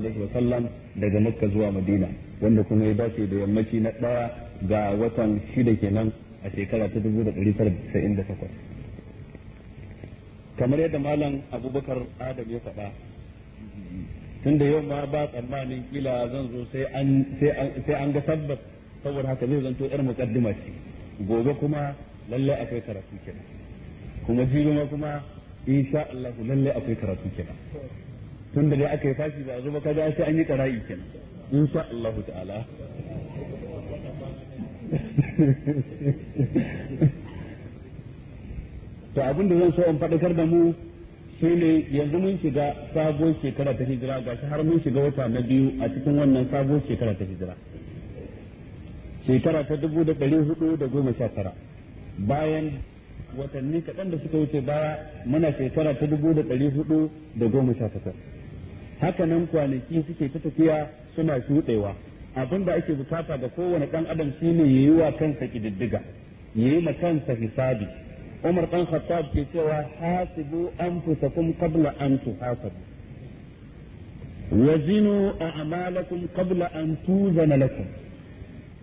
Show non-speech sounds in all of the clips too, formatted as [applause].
alaihi sallam daga makka zuwa madina wanda kuma ya dace da yammaci na ɗaya ga watan shida kenan a shekara ta dubu da ɗari da takwas kamar yadda malam abubakar adam ya faɗa tun da yau ma ba tsammanin kila zan zo sai an ga sabbat saboda haka zai zanto yar muqaddima ce gobe kuma lallai akwai karatu kenan kuma jiruma kuma insha Allah lallai akwai karatu kenan tun da dai aka yi fashi ba a zo kaga sai an yi karayi kenan insha Allah ta'ala [laughs] to abin da zan so in faɗakar da mu shine yanzu mun shiga sabuwar shekara ta hijira gashi har mun shiga wata na biyu a cikin wannan sabuwar shekara ta hijira shekara ta dubu da ɗari hudu da goma sha tara bayan watanni kaɗan da suka wuce baya muna shekara ta dubu da ɗari hudu da goma sha takwas haka nan kwanaki suke ta tafiya suna shuɗewa abin da ake bukata ga kowane ɗan adam shine ya yi wa kansa ƙididdiga ya yi ma kansa hisabi umar ɗan khattab ke cewa hasibu kun qabla an tuhasabu wazinu a'malakum qabla an tuzana lakum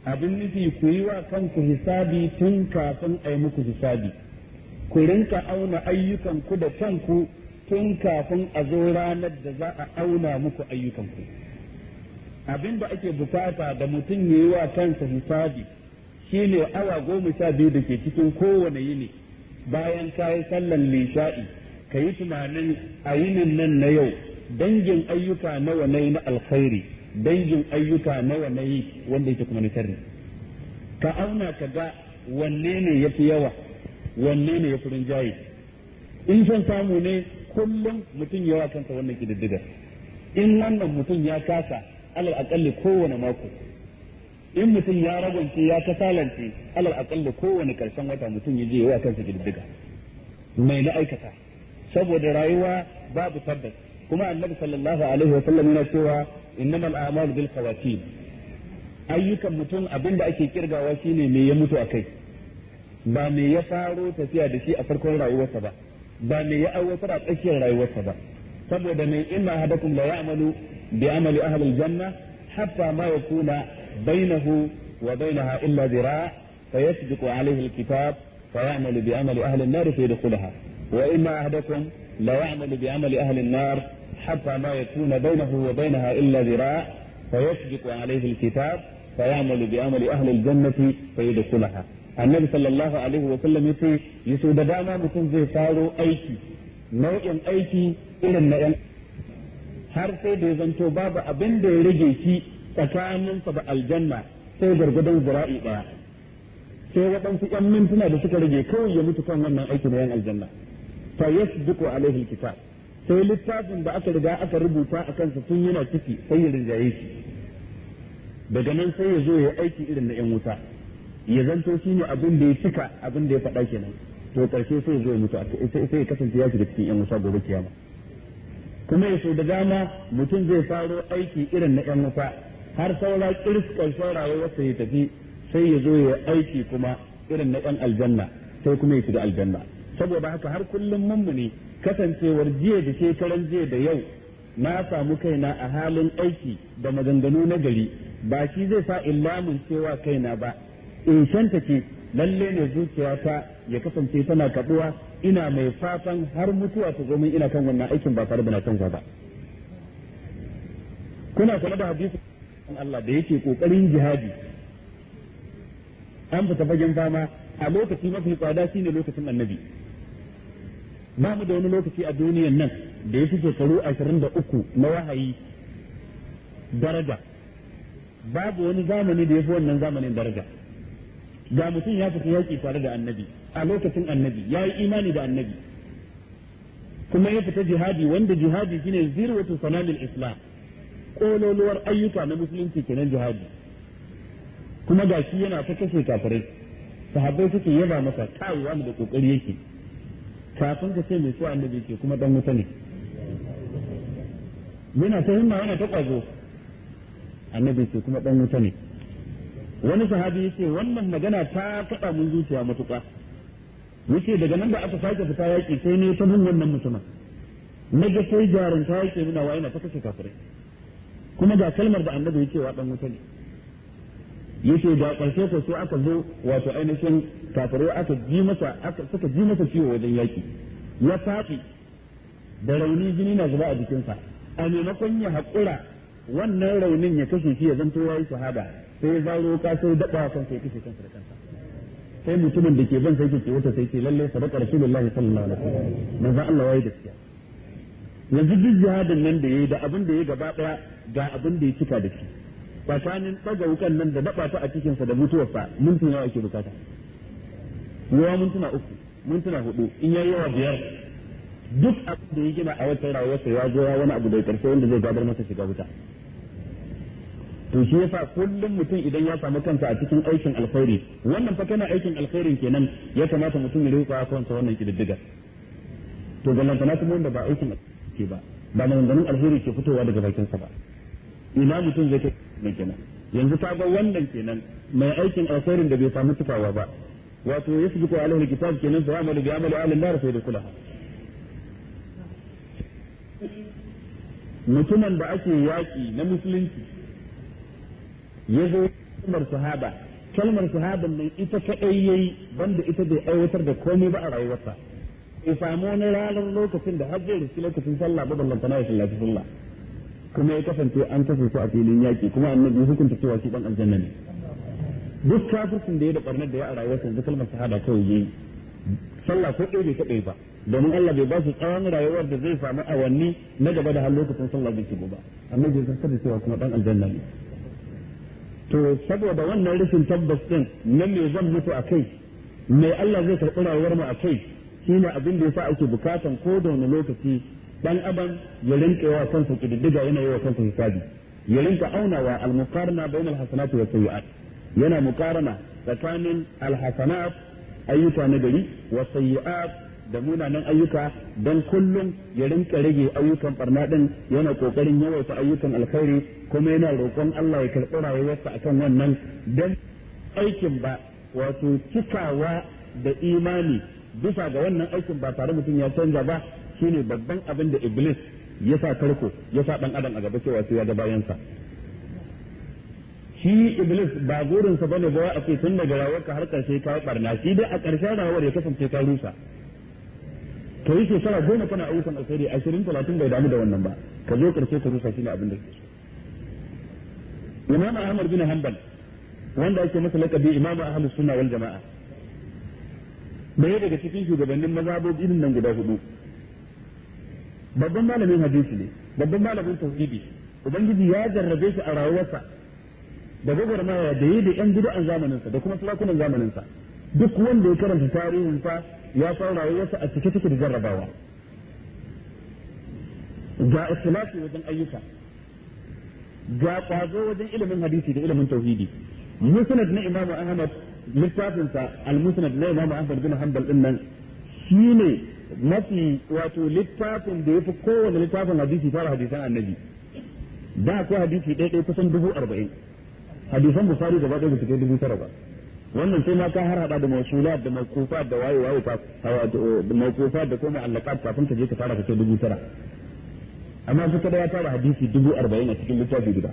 abin nufi ku yi wa kanku hisabi tun kafin a muku hisabi ku rinka auna ayyukanku da kanku tun kafin a zo ranar da za a auna muku ayyukanku abin da ake bukata da mutum ya yi wa kansa hisabi shine awa goma sha biyu da ke cikin kowane yini bayan ka yi sallan lisha'i ka yi tunanin a yinin nan na yau dangin ayyuka nawa na yi na alkhairi dangin ayyuka nawa na yi wanda yake kuma na ka auna ka ga wanne ne ya fi yawa wanne ne ya fi rinjaye in son samu ne kullum mutum yawa kansa wannan kididdigar in wannan mutum ya kasa alal akalli kowane mako in mutum ya ragwance ya kasalance alal akalli kowane karshen wata mutum ya je yawa kansa kididdiga mai na aikata saboda rayuwa babu tabbas kuma annabi sallallahu alaihi wa sallam yana cewa innamal a'malu bil khawatim ayyukan mutum abinda ake kirgawa shine me ya mutu akai ba me ya faro tafiya da shi a farkon rayuwarsa ba ba me ya اشياء لا tsakiyar rayuwarsa ba saboda mai inna hadakum la ya'malu bi amali ahli aljanna hatta ma yakuna bainahu فيسبق عليه الكتاب فيعمل بعمل أهل النار فيدخلها وإن أحدكم لا يعمل بعمل أهل النار حتى ما يكون بينه وبينها إلا ذراع فيسبق عليه الكتاب فيعمل بعمل أهل الجنة فيدخلها annabi sallallahu alaihi wa ya ce yaso da dama mutum zai faro aiki nau'in aiki irin na yan har sai da ya zanto babu abin da ya rage shi tsakaninsa da aljanna sai gargadon zura'i daya sai waɗansu ƴan mintuna da suka rage kawai ya mutu kan wannan aikin na yan aljanna fa yasbiqu alaihi alkitab sai littafin da aka riga aka rubuta a kansa tun yana ciki sai ya rinjaye shi daga nan sai ya zo ya aiki irin na yan wuta ya zanto shi ne abin da ya cika abin da ya faɗa kenan to ƙarshe sai zo ya mutu sai ya kasance ya shiga cikin yan wasa gobe kiyama kuma yaso da dama mutum zai faro aiki irin na yan wuta har saura kiris karshen rayuwarsa ya tafi sai ya zo ya aiki kuma irin na yan aljanna sai kuma ya shiga aljanna saboda haka har kullum ne kasancewar jiya da shekaran jiya da yau na samu kaina a halin aiki da maganganu na gari ba shi zai sa illamin cewa kaina ba shanta ce lalle ne zuciyata ya kasance tana kaduwa ina mai fatan har mutuwa ta zomin ina kan wannan aikin ba tare da na canza ba kuna kula da hadisi Allah da yake ƙoƙarin jihadi an fita fagen fama a lokaci mafi tsada shine lokacin annabi ba mu da wani lokaci a duniyan nan da ya fi shekaru ashirin da uku na wahayi daraja babu wani zamani da ya fi wannan zamanin daraja ga mutum ya fita yaki tare da annabi a lokacin annabi ya yi imani da annabi kuma ya fita jihadi wanda jihadi shine zirwatu sanalil islam kololuwar ayyuka na musulunci kenan jihadi kuma ga shi yana ta kashe kafirai sahabbai suke yaba masa kai wani da kokari yake kafin ka ce mai so annabi ke kuma dan wuta ne yana ta himma yana ta kwazo annabi ke kuma dan wuta ne wani sahabi ce wannan magana ta taɓa mun zuciya matuƙa yace daga nan da aka sake fita yaƙi sai ne ta bin wannan mutumin na ga sai jarunta yake nuna wa na ta kashe kafirai kuma ga kalmar da annabi ya wa dan mutane yace da ƙarshe ko sai aka zo wato ainihin kafirai aka ji masa aka suka ji masa ciwo wajen yaƙi ya faɗi da rauni jini na zuba a jikinsa a maimakon ya haƙura wannan raunin ya kashe shi ya zanto yayi shahada sai ya zaro ka sai daɗa kan sai kashe kansa da kansa sai mutumin da ke ban sai ke wata sai ce lalle sadaka rasulullahi sallallahu alaihi wasallam manzo Allah waye gaskiya yanzu duk jihadin nan da yayi da abin da yayi gaba daya ga abin da ya cika da shi tsakanin daga wukan nan da daba ta a cikin sa da mutuwarsa mun tuna ake bukata yawa mun tuna uku mun tuna hudu in yayi yawa biyar duk abin da ya gina a wata sai ya zo ya wani abu da karshe wanda zai gabar masa shiga wuta to shi yasa kullum mutum idan ya samu kansa a cikin aikin alkhairi wannan fa kana aikin alkhairin kenan ya kamata mutum ya rika kansa wannan kididdiga to gallantana mun da ba aikin ke ba ba ganin alkhairi ke fitowa daga bakinsa ba ina mutum zai ta ne kenan yanzu ta ga wannan kenan mai aikin alkhairin da bai samu tufawa ba wato yasbiqu alaihi kitab kenan fa amalu bi amali ahli nar fa yadkhulaha mutumin da ake yaki na musulunci ya zo kalmar sahaba kalmar sahaban nan ita kaɗai yayi banda ita bai aiwatar da komai ba a rayuwarsa ya samu wani ranar lokacin da har zai riski lokacin sallah ba ballantana ya sallaci sallah kuma ya kasance an kasance su a filin yaƙi kuma annabi hukunta cewa shi dan aljanna ne duk kafircin da ya da barnar da ya a rayuwarsa da kalmar shahada kawai yayi sallah ko ɗaya bai kaɗai ba domin Allah bai ba shi tsawon rayuwar da zai samu awanni na gaba da har lokacin sallah bai shigo ba annabi ya kasance cewa kuma ɗan aljanna ne to saboda wannan rashin tabbas din na me zan mutu a kai me Allah zai karɓi rayuwar mu a kai shine abin da yasa ake bukatan ko da wani lokaci dan aban ya rinka yawa kansa kididdiga yana yawa kansa hisabi ya rinka aunawa al-muqarna bainal hasanati was sayyi'at yana muqarana tsakanin al-hasanat ayyuka na gari was sayyi'at da munanan ayyuka don kullum ya rinka rage ayyukan barna din yana kokarin yawaita ayyukan alkhairi kuma yana roƙon Allah ya karɓi rayuwarsa akan wannan don aikin ba wato cikawa da imani bisa ga wannan aikin ba tare mutum ya canza ba shine babban abin da iblis ya sa tarko ya sa dan adam a gaba cewa sai ya ga bayansa shi iblis ba sa bane ba a ce tun daga rawarka har karshe ka barna shi dai a ƙarshen rawar ya kasance ka rusa to yi shekara goma kana ayyukan alkhairi ashirin talatin bai damu da wannan ba ka zo karshe ka rusa ne abin da ke so imam ahmad bin hanbal wanda ake masa lakabi imam ahmad sunna wal jamaa bai daga cikin shugabannin maza mazhabobi nan guda hudu babban malamin hadisi ne babban malamin tauhidi ubangiji ya jarrabe shi a rayuwarsa da gwagwarmaya da yi da yan gudu an zamaninsa da kuma sarakunan zamaninsa duk wanda ya karanta tarihinsa ya san rayuwarsa a cike take jarrabawa ga ikhlasi wajen ayyuka ga kwazo wajen ilimin hadisi da ilimin tauhidi musnad na imamu ahmad littafinsa al-musnad na imamu ahmad bin hanbal din nan shine mafi wato littafin da yafi kowane littafin hadisi fara hadisan annabi da akwai hadisi ɗaya ɗaya kusan dubu arba'in hadisan bukari gaba ɗaya ba su kai dubu tara ba wannan sai ma ka har da mausulat da mawqufat da waye waye fa eh, da mawqufat da kuma allaqat kafin ta je ka fara ka kai dubu tara amma su kada ya fara hadisi dubu arba'in a cikin littafi guda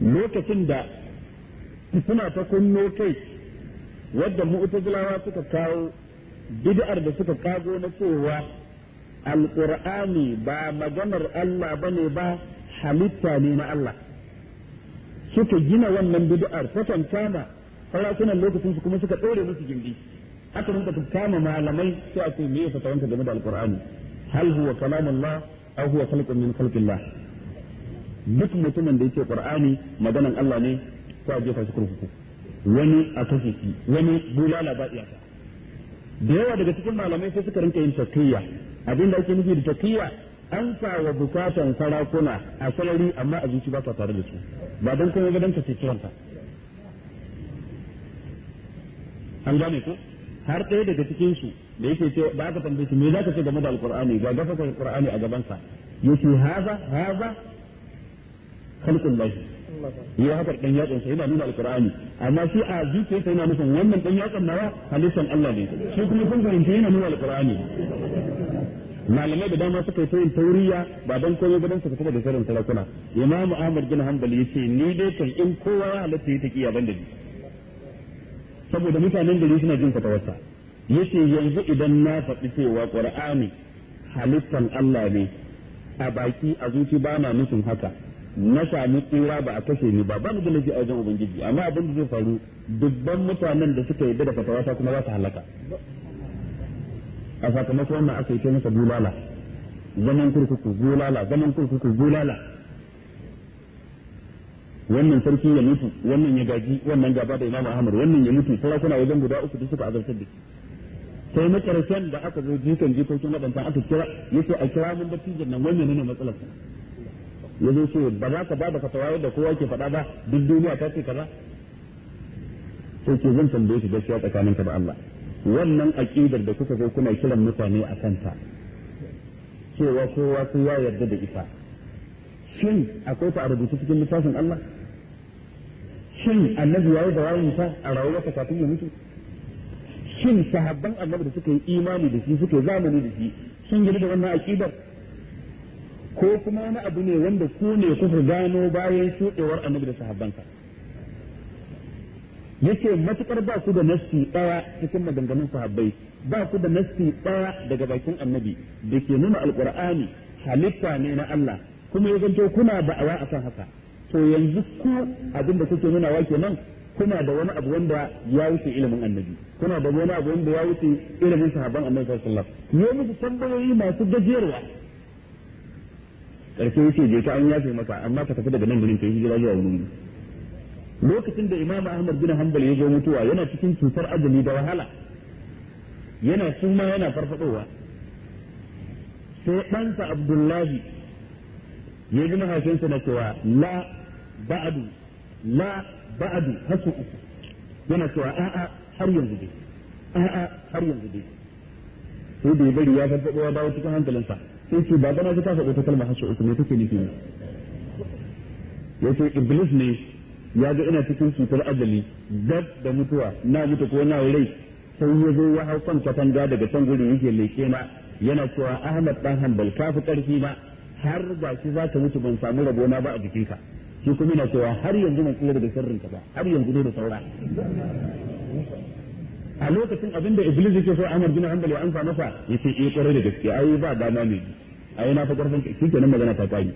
lokacin da suna ta kunno kai wadda mu'tazilawa suka kawo bid'ar da suka kago na cewa alqur'ani ba maganar Allah bane ba halitta ne na Allah suka gina wannan bid'ar ta kama sarakunan lokacin su kuma suka dore musu gindi aka rinka kama malamai sai a ce me yasa game da alqur'ani hal huwa kalamullah aw huwa khalqun min khalqillah duk mutumin da yake qur'ani maganan Allah ne ko a jefa shi kurkuku wani a kashe wani bulala ba iyaka da yawa daga cikin malamai sai suka rinka yin takiyya abinda ake nufi da takiyya amsa wa bukatan sarakuna a sarari amma a zuci ba ta tare da su ba don kuma gadon ta kiranta an gane ko har ɗaya daga cikin su da yake ce ba ka tambaye su me za ka ce game da alqur'ani ga gafa alqur'ani a gaban sa yace haza haza khalqul lahi haka dan yatsan sai yana nuna alqur'ani amma shi a zuciya sai yana nufin wannan dan yatsan nawa halittar Allah ne shi kuma kun fahimta yana nuna alqur'ani malamai da dama suka yi ta tauriya ba don komai ba suka fita da sharrin sarakuna imam ahmad bin hanbal ce ni dai kan in kowa ya halatta ya taƙi ban da ni saboda mutanen gari suna jin ya ce yanzu idan na faɗi cewa qur'ani halittan Allah ne a baki a zuci ba na nufin haka na sami tsira ba a kashe ni ba ba mu da ji a wajen ubangiji amma abin da zai faru dubban mutanen da suka yarda da fatawata kuma za su halaka a sakamakon wannan aka yi ta masa bulala zaman kurkuku bulala zaman kurkuku bulala wannan sarki ya mutu wannan ya gaji wannan gaba da imamu ahmad wannan ya mutu sarakuna wajen guda uku da suka azartar da shi sai na karshen da aka zo jikan jikokin waɗancan aka kira ya yace a kira mun dattijan nan wannan ne matsalar ya zo ce ba za ka ba da fatawa da kowa ke faɗa ba duk duniya ta ce kaza sai ke zan tambaye shi gaskiya tsakaninka da Allah wannan aƙidar da kuka zo kuna kiran mutane a kanta cewa kowa sai ya yarda da ita shin akwai ta a rubutu cikin littafin Allah shin annabi yayi da wayin ta a rayuwarsa kafin ya mutu shin sahabban annabi da suka yi imani da shi suka zamani da shi sun gina da wannan aqidar ko kuma wani abu ne wanda ku ne kuka gano bayan shudewar annabi da sahabbansa yace matukar ba su da nasi daya cikin maganganun sahabbai ba su da nasi daya daga bakin annabi da ke nuna al'kur'ani halitta ne na Allah kuma ya zanto kuna da'awa akan haka to yanzu ku abin da kuke nuna wake nan kuna da wani abu wanda ya wuce ilimin annabi kuna da wani abu wanda ya wuce ilimin sahabban annabi sallallahu alaihi wasallam musu tambayoyi masu gajiyarwa karshe yace je ka an yafe maka amma ka tafi daga nan gurin kai hijira zuwa wani lokacin da imamu ahmad bin hanbal ya zo mutuwa yana cikin cutar azumi da wahala yana suma yana farfadowa sai ɗansa abdullahi ya ji mahaifinsa na cewa la ba'adu la ba'adu hasu uku yana cewa a'a har yanzu dai a'a har yanzu dai sai da ya bari ya farfaɗo ya dawo cikin hankalinsa sai ce ba gana ta faɗo ta kalma hasu uku ne take nufi ne yace iblis ne ya ga ina cikin cutar ajali dab da mutuwa na mutu ko na rai sai ya zo ya hau kan katanga daga can gurin yake leke na yana cewa Ahmad dan Hanbal ka fi karfi na har ba shi za ta mutu ban samu rabona ba a jikinka shi kuma yana cewa har yanzu ban tsira daga sharrin ka ba har yanzu ne da saura a lokacin abinda Iblis yake so Ahmad bin Hanbal ya amsa masa yace eh kwarai da gaske ai ba dama ne ai na fa karfin shi kenan magana ta kai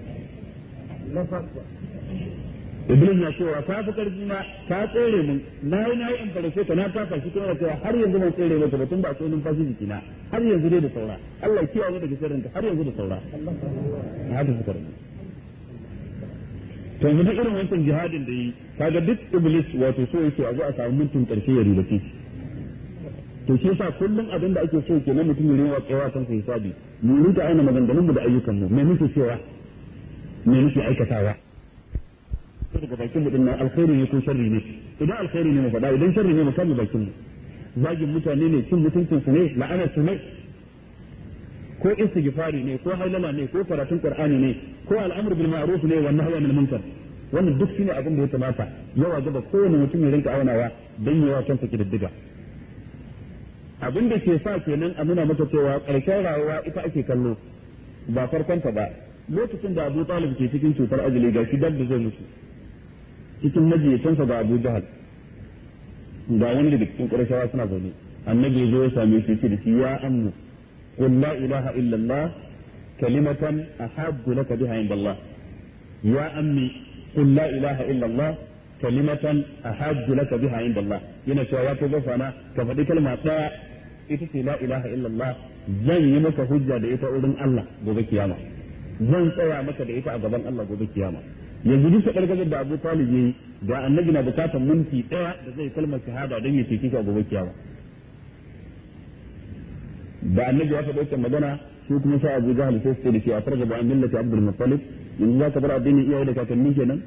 iblis na cewa ta fi ƙarfi ma ta tsere mun na yi na yi in farashe ta na fafa shi kuma cewa har yanzu ban tsere mata batun ba sai numfashi na har yanzu dai da saura Allah ya kiyaye daga sharrin ka har yanzu da saura na haka suka to yanzu irin wancan jihadin da yi kaga duk iblis wato so yake a zo a samu mutum ƙarfi ya rubuce to shi yasa kullum abin da ake so ke nan mutum ne wa tsawa san sabi mu rika aina maganganun mu da ayyukan mu me muke cewa me muke aikatawa fito daga bakin mu dinnan alkhairi ne ko sharri ne idan alkhairi ne mu faɗa idan sharri ne mu kame bakin mu zagin mutane ne cin mutuncin su ne la'anar su ne ko istighfari ne ko hailala ne ko karatun qur'ani ne ko al'amr bil ma'ruf ne wa nahyi anil munkar wannan duk shine abin da ya kamata yawa gaba kowane mutum ya rinka aunawa dan yawa kansa kididdiga abin da ke sa kenan a nuna maka cewa karshen rayuwa ita ake kallo ba farkonta ba lokacin da Abu Talib ke cikin cutar ajali gashi dab da zai mutu cikin majiyacinsa ga Abu Jahal ga wani da cikin suna zaune annabi ya zo ya same shi ce da shi ya ammu illallah kalimatan ahabbu laka biha indallah ya ammi qul la ilaha illallah kalimatan ahabbu laka biha indallah yana cewa ya kai gafana ita ce la illallah zan yi maka hujja da ita wurin Allah gobe kiyama zan tsaya maka da ita a gaban Allah gobe kiyama yanzu duk sakar da Abu Talib yayi da annabi na bukatar minti daya da zai kalmar shahada don ya cece a gobe kiyama da annabi ya faɗa wannan magana su kuma sa Abu Jahl sai su da shi a farga ba an millati Abdul Muttalib yanzu za ka bar addinin iyaye da kakanni kenan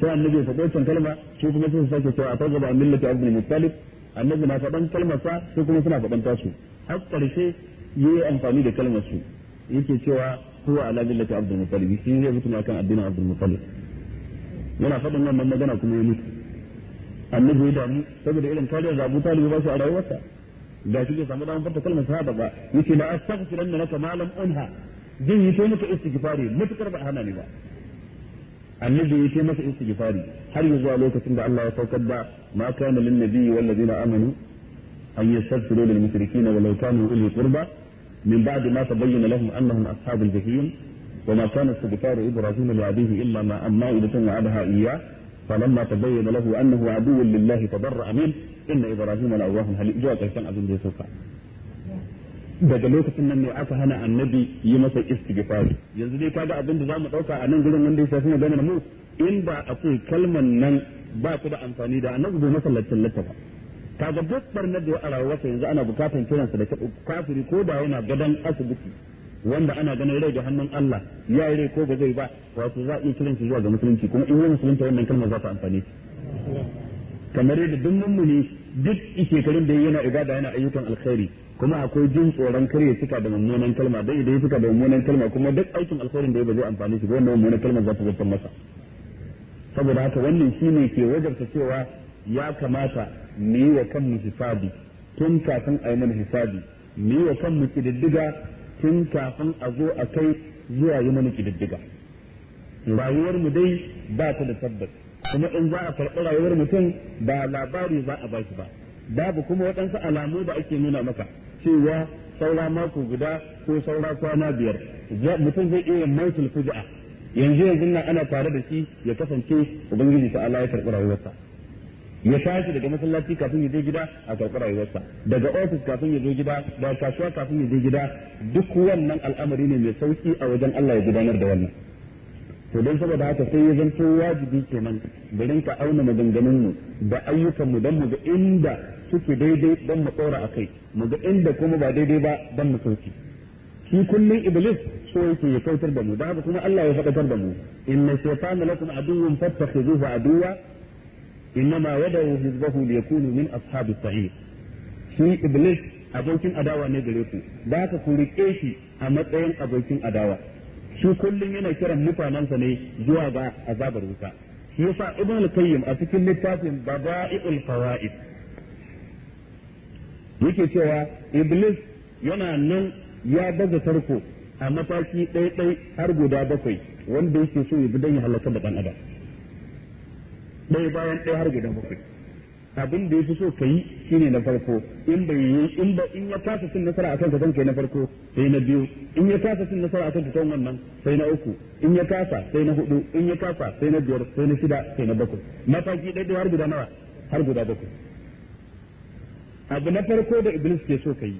sai annabi ya faɗa wannan kalma su kuma sai su sake cewa a farga ba an millati Abdul Muttalib annabi na faɗan kalmar sa su kuma suna faɗan tasu har ƙarshe yayi amfani da kalmar su yake cewa huwa ala millati abdul muttalib shi ne mutum akan addinin abdul muttalib yana faɗin wannan magana kuma ya mutu annabi ya damu saboda irin kariyar da Abu Talib ba shi a rayuwarsa ga shi bai samu damar fata kalmar shahada ba yace la astaghfiranna laka ma lam unha zan yi sai maka istighfari mutukar ba hana ni ba annabi ya ce masa istighfari har yanzu a lokacin da Allah ya saukar da ma kana lin nabiyyi wal ladina amanu an yastaghfiru lil na walau kanu uli ba. من بعد ما تبين لهم أنهم أصحاب الجحيم وما كان استغفار إبراهيم لأبيه إلا ما أمائدة وعدها إياه فلما تبين له أنه عدو لله تبرأ منه إن إبراهيم لأواه هل جوا كان أبن ذي سلطان daga lokacin nan ne aka hana annabi yi masa istighfari yanzu dai kaga abin da zamu dauka a nan gurin wanda ya shafi maganar mu inda akwai kalman nan ba ku da amfani da annabi bai masallacin lattafa kaga duk barnar da ya arawa wata yanzu ana bukatan kiransa da kafiri ko da yana gadon asibiti wanda ana ganin rai da hannun Allah ya yi rai ko ba zai ba wato za a kiran shi zuwa ga musulunci kuma in yi musulunta wannan kalmar za ta amfane kamar yadda duk mummuni duk shekarun da yana ibada yana ayyukan alkhairi kuma akwai jin tsoron karya suka da mummunan kalma dan idan ya da mummunan kalma kuma duk aikin alkhairin da ya ba zai amfane shi ba wannan mummunan kalmar za ta zartar masa saboda haka wannan shine ke wajarta cewa ya kamata mu yi wa kanmu hisabi tun kafin a yi mana hisabi mu yi wa kanmu kididdiga tun kafin a zo a kai zuwa yi mana kididdiga rayuwar mu dai ba ta da tabbas kuma in za a karɓi rayuwar mutum ba labari za a baki ba babu kuma waɗansu alamu da ake nuna maka cewa saura mako guda ko saura kwana biyar mutum zai iya mautul fuja'a yanzu yanzu ana tare da shi ya kasance ubangiji ta Allah ya karɓi rayuwarsa ya tashi daga masallaci kafin ya je gida a karɓar rayuwarsa daga ofis kafin ya zo gida da kasuwa kafin ya je gida duk wannan al'amari ne mai sauki a wajen Allah ya gudanar da wannan to don saboda haka sai ya zanto wajibi kenan da rinka auna maganganun mu da ayyukan mu don mu ga inda suke daidai don mu tsora a kai mu ga inda kuma ba daidai ba don mu sauki shi kullum iblis so yake ya kautar da mu da haka kuma Allah ya faɗakar da mu inna shaytana lakum aduwwun fattakhidhuhu aduwwa innama da hizbahu liyakunu min ashabis sa'ir shi iblis abokin adawa ne gare ku da haka ku rike shi a matsayin abokin adawa shi kullum yana kiran mutanensa ne zuwa ga azabar wuta shi yasa ibn al-qayyim a cikin littafin bada'i'ul fawaid yake cewa iblis yana nan ya daga tarko a mataki ɗai har guda bakwai wanda yake so ya bi don ya halaka da ɗan adam ɗaya bayan ɗaya har guda bakwai abin da ya fi so ka yi shine na farko in bai yi in ba in ya kasa cin nasara akan ka kai na farko sai na biyu in ya kasa cin nasara akan ka kan wannan sai na uku in ya kasa sai na hudu in ya kasa sai na biyar sai na shida sai na bakwai mataki ɗaya har guda nawa har guda bakwai abu na farko da iblis ke so ka yi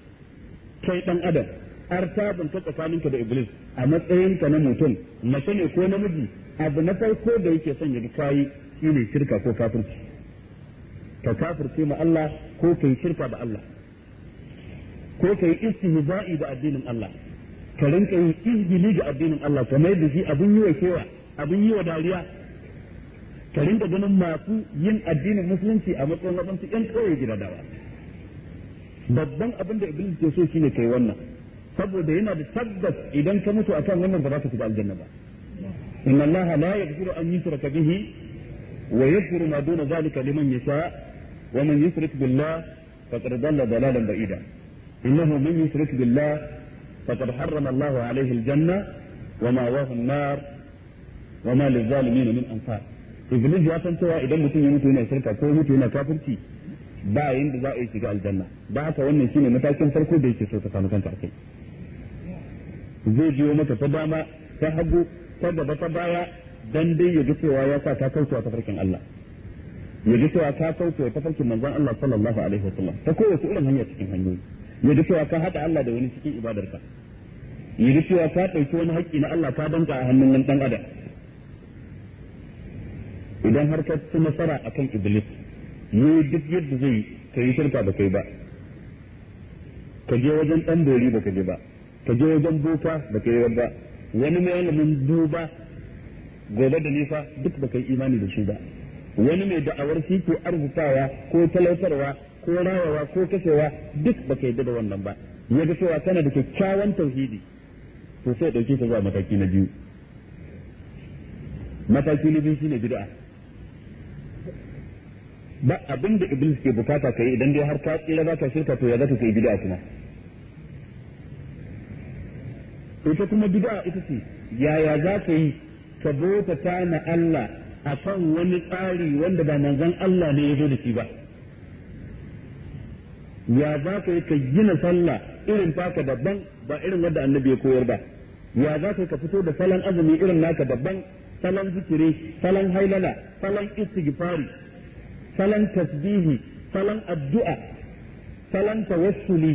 kai dan adam artabun ta ka da iblis a matsayinka na mutum mace ne ko namiji abu na farko da yake son ya ga kayi ne shirka ko kafirci ka kafirce ma Allah ko kai shirka da Allah ko kai istihza'i da addinin Allah ka rinka yin izgili ga addinin Allah ka mai da shi abin yi wa kewa abin yi wa dariya ka rinka ganin masu yin addinin musulunci a matsayin waɗansu yan kawai gida dawa babban abin da iblis ke so shine kai wannan saboda yana da tabbas idan ka mutu akan wannan ba za ka shiga aljanna ba inna allaha la yaghfiru an yushraka bihi ويغفر ما دون ذلك لمن يشاء ومن يشرك بالله فقد ضل ضلالا بعيدا إنه من يشرك بالله فقد حرم الله عليه الجنة ومأواه النار وما للظالمين من أنصار iblis ya san cewa idan mutum ya mutu yana shirka ko mutu yana kafirci ba yanda za a yi shiga aljanna ba haka wannan shine matakin farko da yake so ta samu kanta akai zai biyo mata ta dama ta hagu ta gaba ta baya dan dai ya cewa ya sa ta kauce tafarkin Allah ya cewa ta kauce tafarkin manzon Allah sallallahu alaihi wasallam ta kowace irin hanya cikin hanyoyi ya cewa ka hada Allah da wani cikin ibadarka ya ga cewa ka dauki wani haƙƙi na Allah ka danka a hannun nan dan adam idan har ka ci nasara akan iblis ne duk yadda zai kai shirka ba kai ba ka je wajen dan dori ba ka je ba ka je wajen boka ba ka yi ba wani mai malamin duba gobe da nisa duk da kai imani da shi ba wani mai da'awar shi ke arzikawa ko talautarwa ko rawawa ko kashewa duk ba kai da wannan ba ya ga cewa kana da kyakkyawan tauhidi to sai dauke ta zuwa mataki na biyu mataki na biyu shine bid'a ba abin da iblis ke bukata kai idan dai har ka tsira za ka shirka to ya za ka kai bid'a kuma ita kuma bid'a ita ce yaya za ka yi ka bauta na Allah a kan wani tsari wanda ba manzon Allah ne ya zo da shi ba ya za ka yi ka gina sallah irin taka daban ba irin wadda annabi ya koyar ba ya za ka ka fito da salon azumi irin naka daban salon zikiri salon hailala salon istighfari salon tasbihi salon addu'a salon tawassuli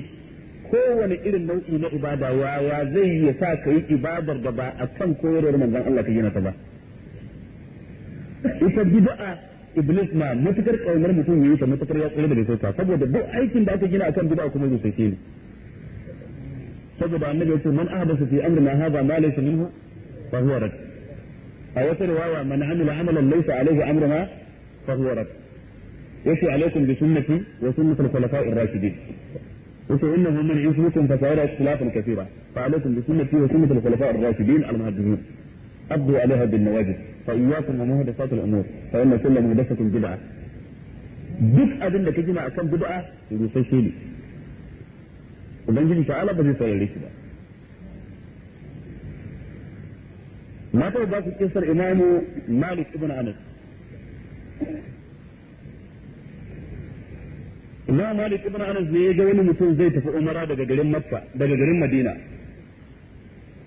kowane irin nau'i na ibada wawa zai yi ya sa ka yi ibadar da ba a kan koyarwar manzon Allah ka gina ta ba ita bid'a iblis ma matukar kaunar mutum yayi ta matukar ya tsira bai sauka saboda duk aikin da aka gina akan bid'a kuma zai sake ne saboda annabi yace man ahdasa fi amrina hadha ma laysa minhu fa huwa rad a wata riwaya man amila amalan laysa alayhi amruna fa huwa rad yace alaikum bi sunnati wa sunnati al-khulafa'ir rashidin يقول انه من يعيش منكم فسيرى اختلافا كثيرا فعليكم بسنتي وسنه الخلفاء الراشدين المهددين أبدوا عليها بالنواجد فإياكم ومهدسات الأمور فإن كل مهدسة بدعة duk abin da ka jima akan bid'a rusasshe ne ubangiji ta'ala ba zai saurare shi ba mata ba ku kisar imamu malik ibn anas Imam Malik ibn Anas ne ya ga wani mutum zai tafi umara daga garin Makka daga garin Madina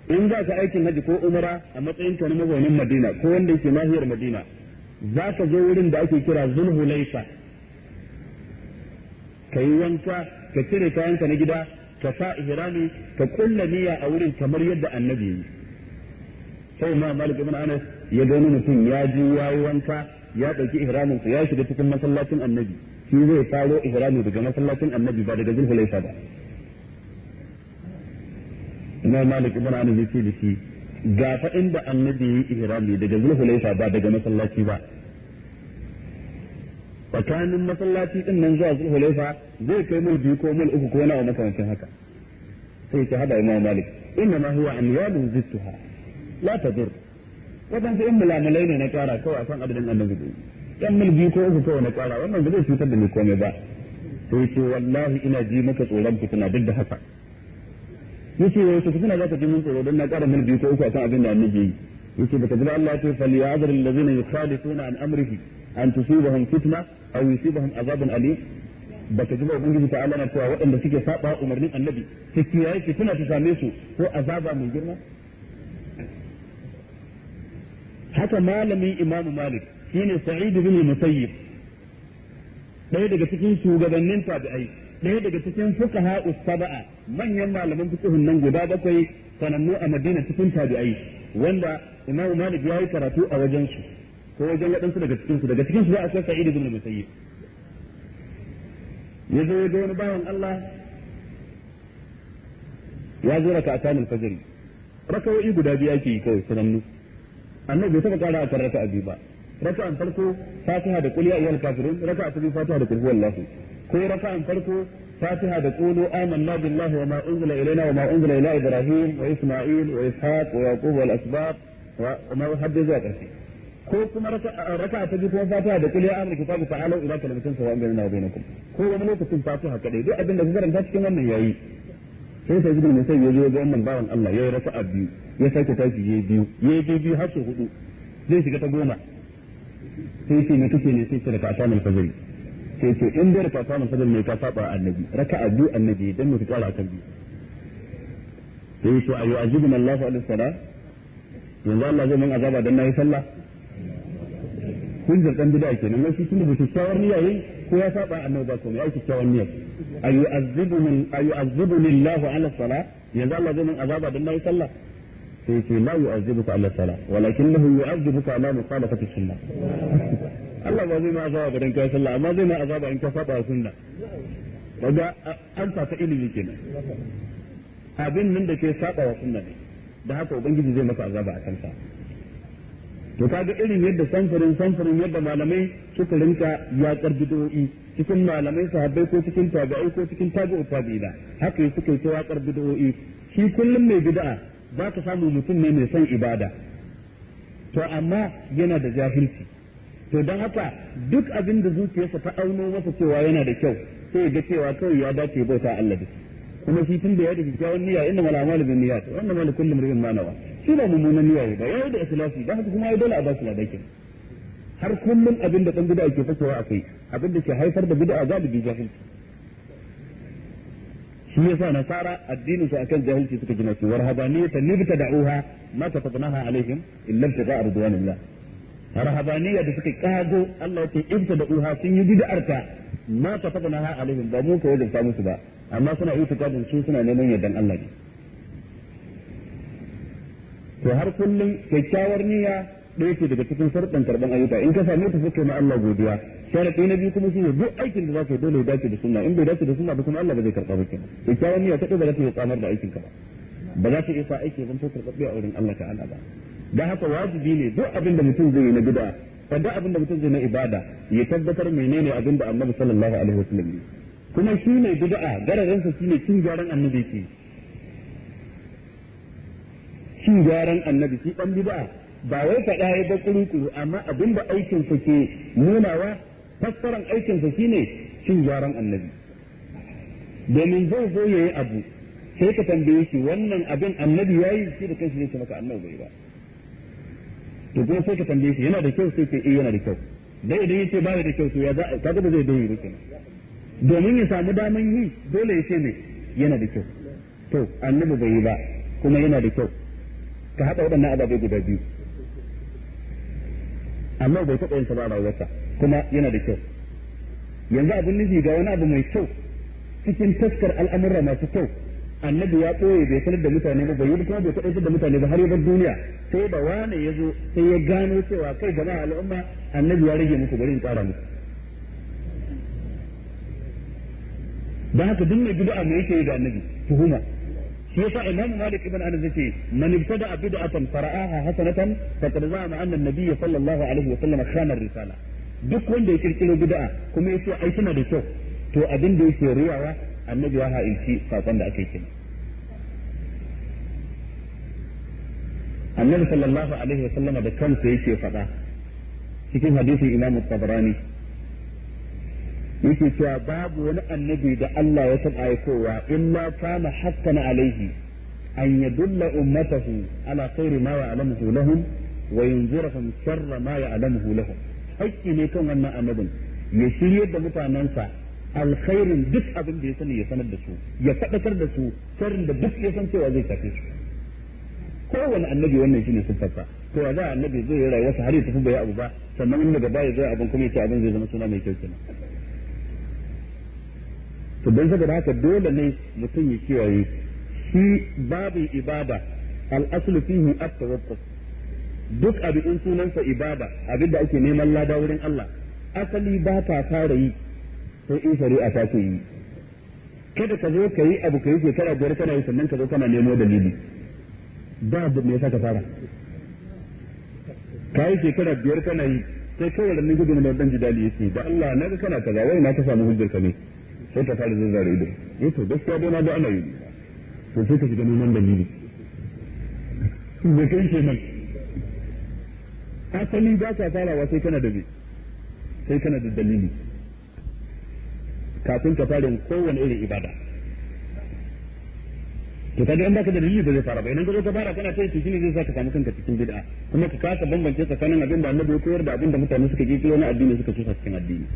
in za ka aikin haji ko umara a matsayin ka na mazaunin Madina ko wanda yake nahiyar Madina za ka zo wurin da ake kira Zulhulaifa ka yi wanka ka cire kayanka na gida ka sa ihrami ka kulla niyya a wurin kamar yadda annabi yi sai Imam Malik ibn Anas ya ga wani mutum ya ji yayi wanka ya dauki ihramin ya shiga cikin masallacin annabi shi zai faro ihrami daga masallacin annabi ba daga laifa ba ina malik ibn anas yace da shi ga fa inda annabi yi ihrami daga laifa ba daga masallaci ba tsakanin masallaci din nan zuwa laifa zai kai mil biyu ko mil uku ko nawa makamancin haka sai ya hada imam malik inna ma huwa amyalun zittuha la tadur wadansu in mulamalai ne na kara kawai a san adadin annabi yan mil biyu ko uku kawai na ƙara wannan ba zai cutar da ni komai ba sai ce wallahi ina ji maka tsoron fitina duk da haka yace wai to fitina za ta ji min tsoro na ƙara mil biyu ko uku akan abin da annabi yi yace baka ji Allah ya ce falyazir allazina yukhalifuna an amrihi an tusibahum fitna aw yusibahum azabun alim baka ji ba ubangiji ta Allah na cewa waɗanda suke saba umarnin annabi su kiyaye fitina ta same su ko azaba mai girma haka malamin imamu malik shine sa'id ibn musayyib ɗaya daga cikin shugabannin tabi'ai ɗaya daga cikin fuqaha usaba'a manyan malaman fiqhun nan guda bakwai sanannu a Madina cikin tabi'ai wanda Imam Malik ya yi karatu a wajen su ko wajen waɗansu daga cikin su daga cikin su za a san Sa'id ibn Musayyib ya zo ya ga wani bawan Allah ya zo raka atanul fajr rakawai guda biyu ake yi kawai sanannu annabi bai taɓa ƙara a karata abi ba raka'an farko fatiha da qul ya ayyuhal kafirun raka'a ta biyu fatiha da qul huwallahu ko raka'an farko fatiha da qulu amanna billahi wa ma unzila ilayna wa ma unzila ibrahim wa isma'il wa ishaq wa yaqub wal asbab wa ma hadda zuwa karshe ko kuma raka'a a biyu kuma fatiha da qul ya ayyuhal kitabu ta'alu ila kalimatin sawa'in bainana wa bainakum ko wani lokacin fatiha kadai duk abin ka karanta cikin wannan yayi sai sai zubin mutum ya zo ga wannan bawan Allah ya yi raka'a biyu ya sake tashi ya biyu ya biyu biyu har hudu zai shiga ta goma sai ce me kake ne sai ce daga ka samu sai ce in da ka samu fajr ne ka saba annabi raka'a biyu annabi dan mu tsara akan biyu sai to ayu ajibna Allah fa al-sala yanzu Allah zai mun azaba dan nayi sallah kun zartan bid'a kenan wai shi tun da kyakkyawar niyya yayi ko ya saba annabi ba komai ai kyakkyawar niyya ayu azibuni ayu min Allah ala sala yanzu Allah zai mun azaba dan nayi sallah sai ce la yu'azzibuka ala sala walakinahu yu'azzibuka ala mukhalafati sunnah [laughs] Allah ba zai ma azaba ba dan kai sallah amma zai ma azaba in ka saba sunna kaga an saka ilimi kenan abin nan da ke saba wa sunna ne da haka ubangiji zai masa azaba a kansa to kaga irin yadda samfurin samfurin yadda malamai suka rinka yaƙar bid'o'i cikin malamai sahabbai ko cikin tabi'ai ko cikin tabi'u tabi'ina haka suka yi ta yaƙar bid'o'i shi kullum mai bid'a za ka samu mutum ne mai son ibada to amma yana da jahilci to don haka duk abin da zuciyarsa ta auno masa cewa yana da kyau sai ga cewa kawai ya dace bauta Allah da kuma shi tun da ya dace kyawun niyya inna mala amalu bin niyyat wa inna kullu manawa ma shi ba mummunan niyya ba yayi da ikhlasi dan haka kuma ai dole a ba su ladakin har kullum abin da dan gida ke fasowa akai abin da ke haifar da bid'a galibi jahilci shi sa nasara addinin su akan jahilci suka gina shi warhabaniyata da'uha ma katabnaha alaihim illa ibtida'a ridwanillah rahabaniya da suka kago Allah ibta uha sun yi ta ma katabnaha alaihim ba mu ka wajabta musu ba amma suna gadin su suna neman yardan Allah ne to har kullum kyakkyawar niyya ɗaya ce daga cikin sarɗin karɓan ayyuka in ka same ta suke ma Allah godiya sharadi na biyu kuma shine duk aikin da za zaka yi dole ya dace da sunna in bai dace da sunna ba kuma Allah ba zai karba ba kenan kyakkyawan niyya ta ba za ta yi tsamar da aikin ka ba ba za ta iya sa aiki zan to karɓaɓɓe a wurin Allah ta'ala ba da haka wajibi ne duk abin da mutum zai yi na bid'a ko duk abin da mutum zai na ibada ya tabbatar menene abin da Annabi sallallahu alaihi wasallam ya kuma shi ne bid'a gararin sa shine cin gyaran annabi ke cin gyaran annabi shi dan bid'a ba wai faɗa ya ba kuru amma abin da aikin sa ke nunawa fassaran aikinsa shine cin gyaran annabi domin zai zo yayi abu sai ka tambaye shi wannan abin annabi yayi shi da kansa yake maka annabi bai ba to kuma sai ka tambaye shi yana da kyau sai ka yi eh, yana da kyau dai idan yace ba da kyau to ya za ka ga zai dai rukin domin ya samu daman yi dole ya ce ne yana da kyau to annabi bai yi ba kuma yana da kyau ka haɗa waɗannan ababe guda biyu annabi bai taɓa yin sa ba a kuma yana da kyau yanzu abin nufi ga wani abu mai kyau cikin taskar al'amura masu kyau annabi ya ɓoye bai sanar da mutane ba bai yi kuma bai faɗaitar da mutane ba har yi duniya sai da wane ya zo sai ya gano cewa kai gama al'umma annabi ya rage muku bari in tsara muku don haka duk mai bid'a mai yake yi da annabi tuhuma shi yasa imam malik ibn anas yace man ibtada bid'atan fara'aha hasanatan faqad za'a anna an-nabiy sallallahu alaihi wa sallam khana risala duk wanda ya kirkiro bid'a kuma ya ce ai suna da kyau to abin da yake riyawa annabi ya ha'ilci sakon da ake kina annabi sallallahu alaihi wa sallama da kansa yake faɗa cikin hadisin imamu tabarani yake cewa babu wani annabi da Allah ya taɓa aikowa illa kana haqqan alaihi an yadulla ummatahu ala khairi ma ya'lamuhu lahum wa yunzirahum sharra ma ya'lamuhu lahum hakki ne kan wannan annabin ya shiryar da mutanensa alkhairin duk abin da ya sani ya sanar da su ya faɗakar da su sarin da duk ya san cewa zai tafi su kowane annabi wannan shine siffarsa to a za annabi zai yi rayuwarsa har ya tafi bai abu ba sannan in daga baya zai abin kuma ya ce abin zai zama suna mai kyau kenan to don saboda haka dole ne mutum ya kiyaye shi babu ibada al-aslu fihi at-tawakkul duk abu in sunansa ibada abin da ake neman lada wurin Allah asali ba ta fara yi sai in shari'a ta ce yi kada ka zo ka yi abu ka yi shekara biyar kana yi sannan ka zo kana nemo dalili ba me yasa ka fara ka yi shekara biyar kana yi sai kawai rannin gudun da dan jidali yake da Allah na ga kana kaza wai na ka samu hujjar ka ne sai ka fara zazzare ido eh to gaskiya dai na ga ana yi to sai ka shiga neman dalili [laughs] me kai kenan asali ba ka farawa sai kana da me sai kana da dalili kafin ka fara kowane irin ibada to kaga in baka da dalili ba zai fara ba idan ka zo ka fara kana kai shi ne zai saka samu kanka cikin bid'a kuma ka kasa bambance tsakanin abin da Annabi ya koyar da abin da mutane suka ji na addini suka tusa cikin addini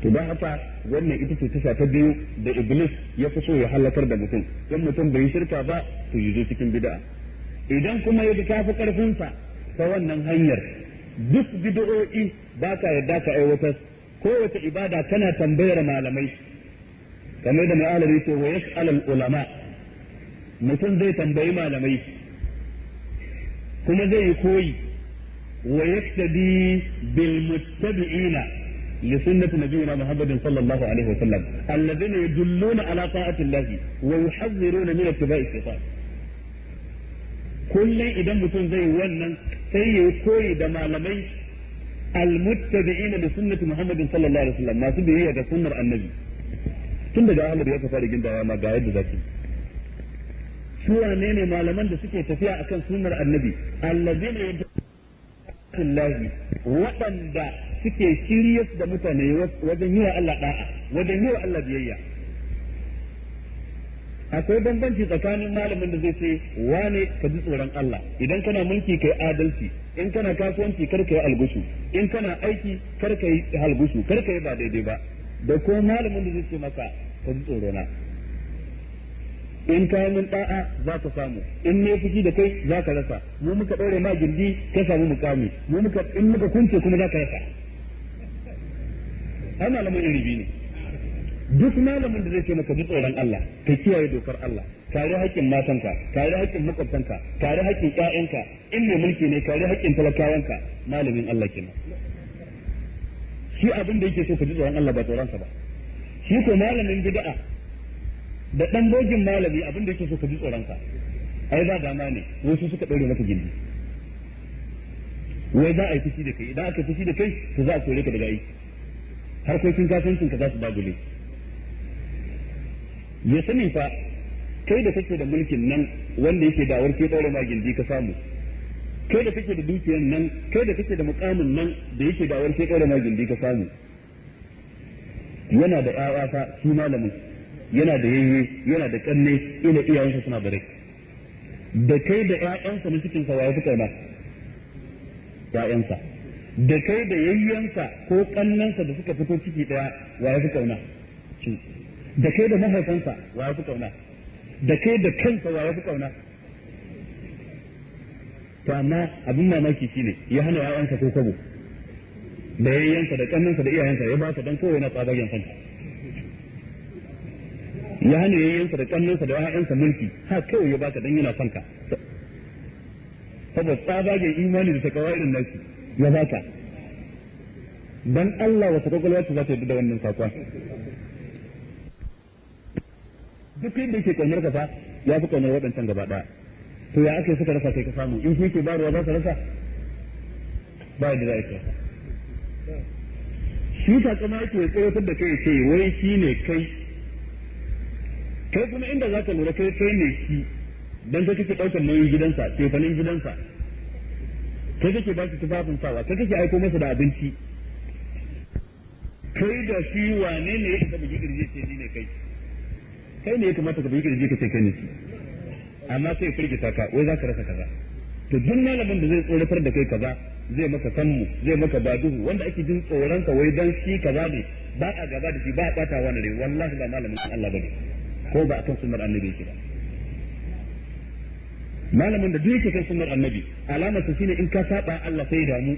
to don haka wannan ita ce tasha ta biyu da Iblis ya fi so ya halakar da mutum don mutum bai shirka ba to yi zo cikin bid'a idan kuma ya ji kafi karfinsa ta wannan hanyar duk bid'o'i ba ka yarda ka aiwatar kowace ibada kana tambayar malamai kamar da malami ce wa yas'al ulama mutum zai tambayi malamai kuma zai yi koyi wa yaktadi bil muttabi'ina li sunnati nabiyina muhammadin sallallahu alaihi wa sallam alladhina yadulluna ala ta'ati allahi wa yuhadhiruna min ittiba'i shaytan kullum idan mutum zai wannan sai ya yi koyi da malamai almuttabi'ina da sunnati muhammadin sallallahu alaihi wasallam masu biyayya ga sunnar annabi tun daga ahmad ya fara gindawa ma ga yadda zaki su wane ne malaman da suke tafiya akan sunnar annabi allazina yadullahu waɗanda suke siriyas da mutane wajen yi wa Allah da'a wajen yi wa Allah biyayya akwai bambanci tsakanin malamin da zai ce wane ka ji tsoron Allah idan kana mulki kai adalci in kana kasuwanci kar ka yi algushu in kana aiki kar ka yi algushu kar ka yi ba daidai ba da ko malamin da zai ce maka ka ji tsorona in ka min da'a za ka samu in ne fushi da kai za ka rasa mu muka ɗaure ma gindi ka samu mukami mu muka in muka kunce kuma za ka rasa ai malamin iri ne duk malamin da zai ce maka ji tsoron Allah ka kiyaye dokar Allah kare haƙƙin matanka kare haƙƙin ka, kare haƙƙin ka, in mai mulki ne kare haƙƙin talakawanka malamin Allah kenan shi abin da yake so ka ji tsoron Allah ba tsoron sa ba shi ko malamin bid'a da dan bogin malami abin da yake so ka ji tsoron sa ai ba dama ne wasu suka dore maka gindi wai za a yi fushi da kai idan aka fushi da kai to za a kore ka daga aiki harkokin kasuwancin ka za su dagule ya sani fa kai da kake da mulkin nan wanda yake da warke daure ma gindi ka samu kai da kake da dukiyar nan kai da kake da mukamin nan da yake da warke daure ma gindi ka samu yana da ƴaƴa fa shi malamin yana da yayye yana da kanne ina sa suna bare da kai da ƴaƴansa na cikin sa waye ba ƴaƴan sa da kai da sa ko sa da suka fito ciki daya waye suka na da kai da mahaifansa wa ya fi kauna da kai da kansa wa ya fi kauna to amma abin mamaki shine ya hana yayansa ko kabo da yayyansa da kannansa da iyayensa ya ba su don kowai na tsabagen santa ya hana yayyansa da kannansa da ƴaƴansa mulki ha kawai ya ba ka don yana fanka saboda tsabagen imani da takawa irin nasi ya ba ka don Allah wata kwakwalwa za ta yadda da wannan sakon duk yadda yake kwanar ka fa ya fi kwanar waɗancan gaba ɗaya to ya ake suka rasa kai ka samu in shi ke ruwa za ka rasa ba yadda za a yi shi ta kama yake tsoratar da kai ce wai shi ne kai kai kuma inda za ka lura kai kai ne shi dan kai kake ɗaukar nauyin gidansa tefanin gidansa kai kake ba shi tufafin sawa kai kake aiko masa da abinci kai da shi wane ne ya isa bugi kirje ce ni ne kai kai ne ya kamata ka bi kirji ka ce kai ne amma sai firgita ka wai za ka rasa kaza to duk malamin da zai tsoratar da kai kaza zai maka sammu zai maka baduhu wanda ake jin tsoron ka wai dan shi kaza ne ba a gaba da shi ba a bata wani rai wallahi ba malamin Allah bane ko ba a kan sunnar annabi yake ba malamin da duk yake kan sunnar annabi alamar sa shine in ka saba Allah sai ya damu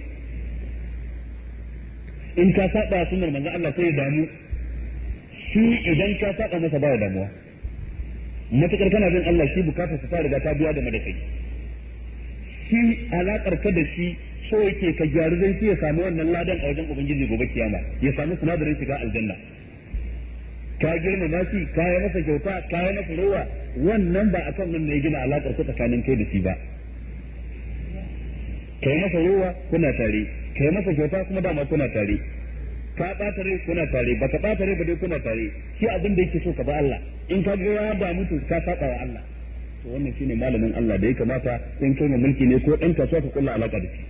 in ka saba sunnar manzo Allah sai ya damu shi idan ka saka masa baya damuwa matukar kana bin Allah shi bukatar su ta riga ta biya da madafai. shi alakar ka da shi so yake ka gyaru zan ya samu wannan ladan a wajen ubangiji gobe kiyama ya samu sinadarin shiga aljanna ka girma ba shi ka yi masa kyauta ka yi masa rowa wannan ba akan nan mai gina alakar ka tsakanin kai da shi ba Ka yi masa rowa kuna tare ka yi masa kyauta kuma dama kuna tare ka bata rai kuna tare baka bata rai ba dai kuna tare shi abin da yake so ka ba Allah in ka ga ya ba mutu ka saba wa Allah to wannan shine malamin Allah da ya kamata in kai mulki ne ko dan kasuwa ka kulla alaka da shi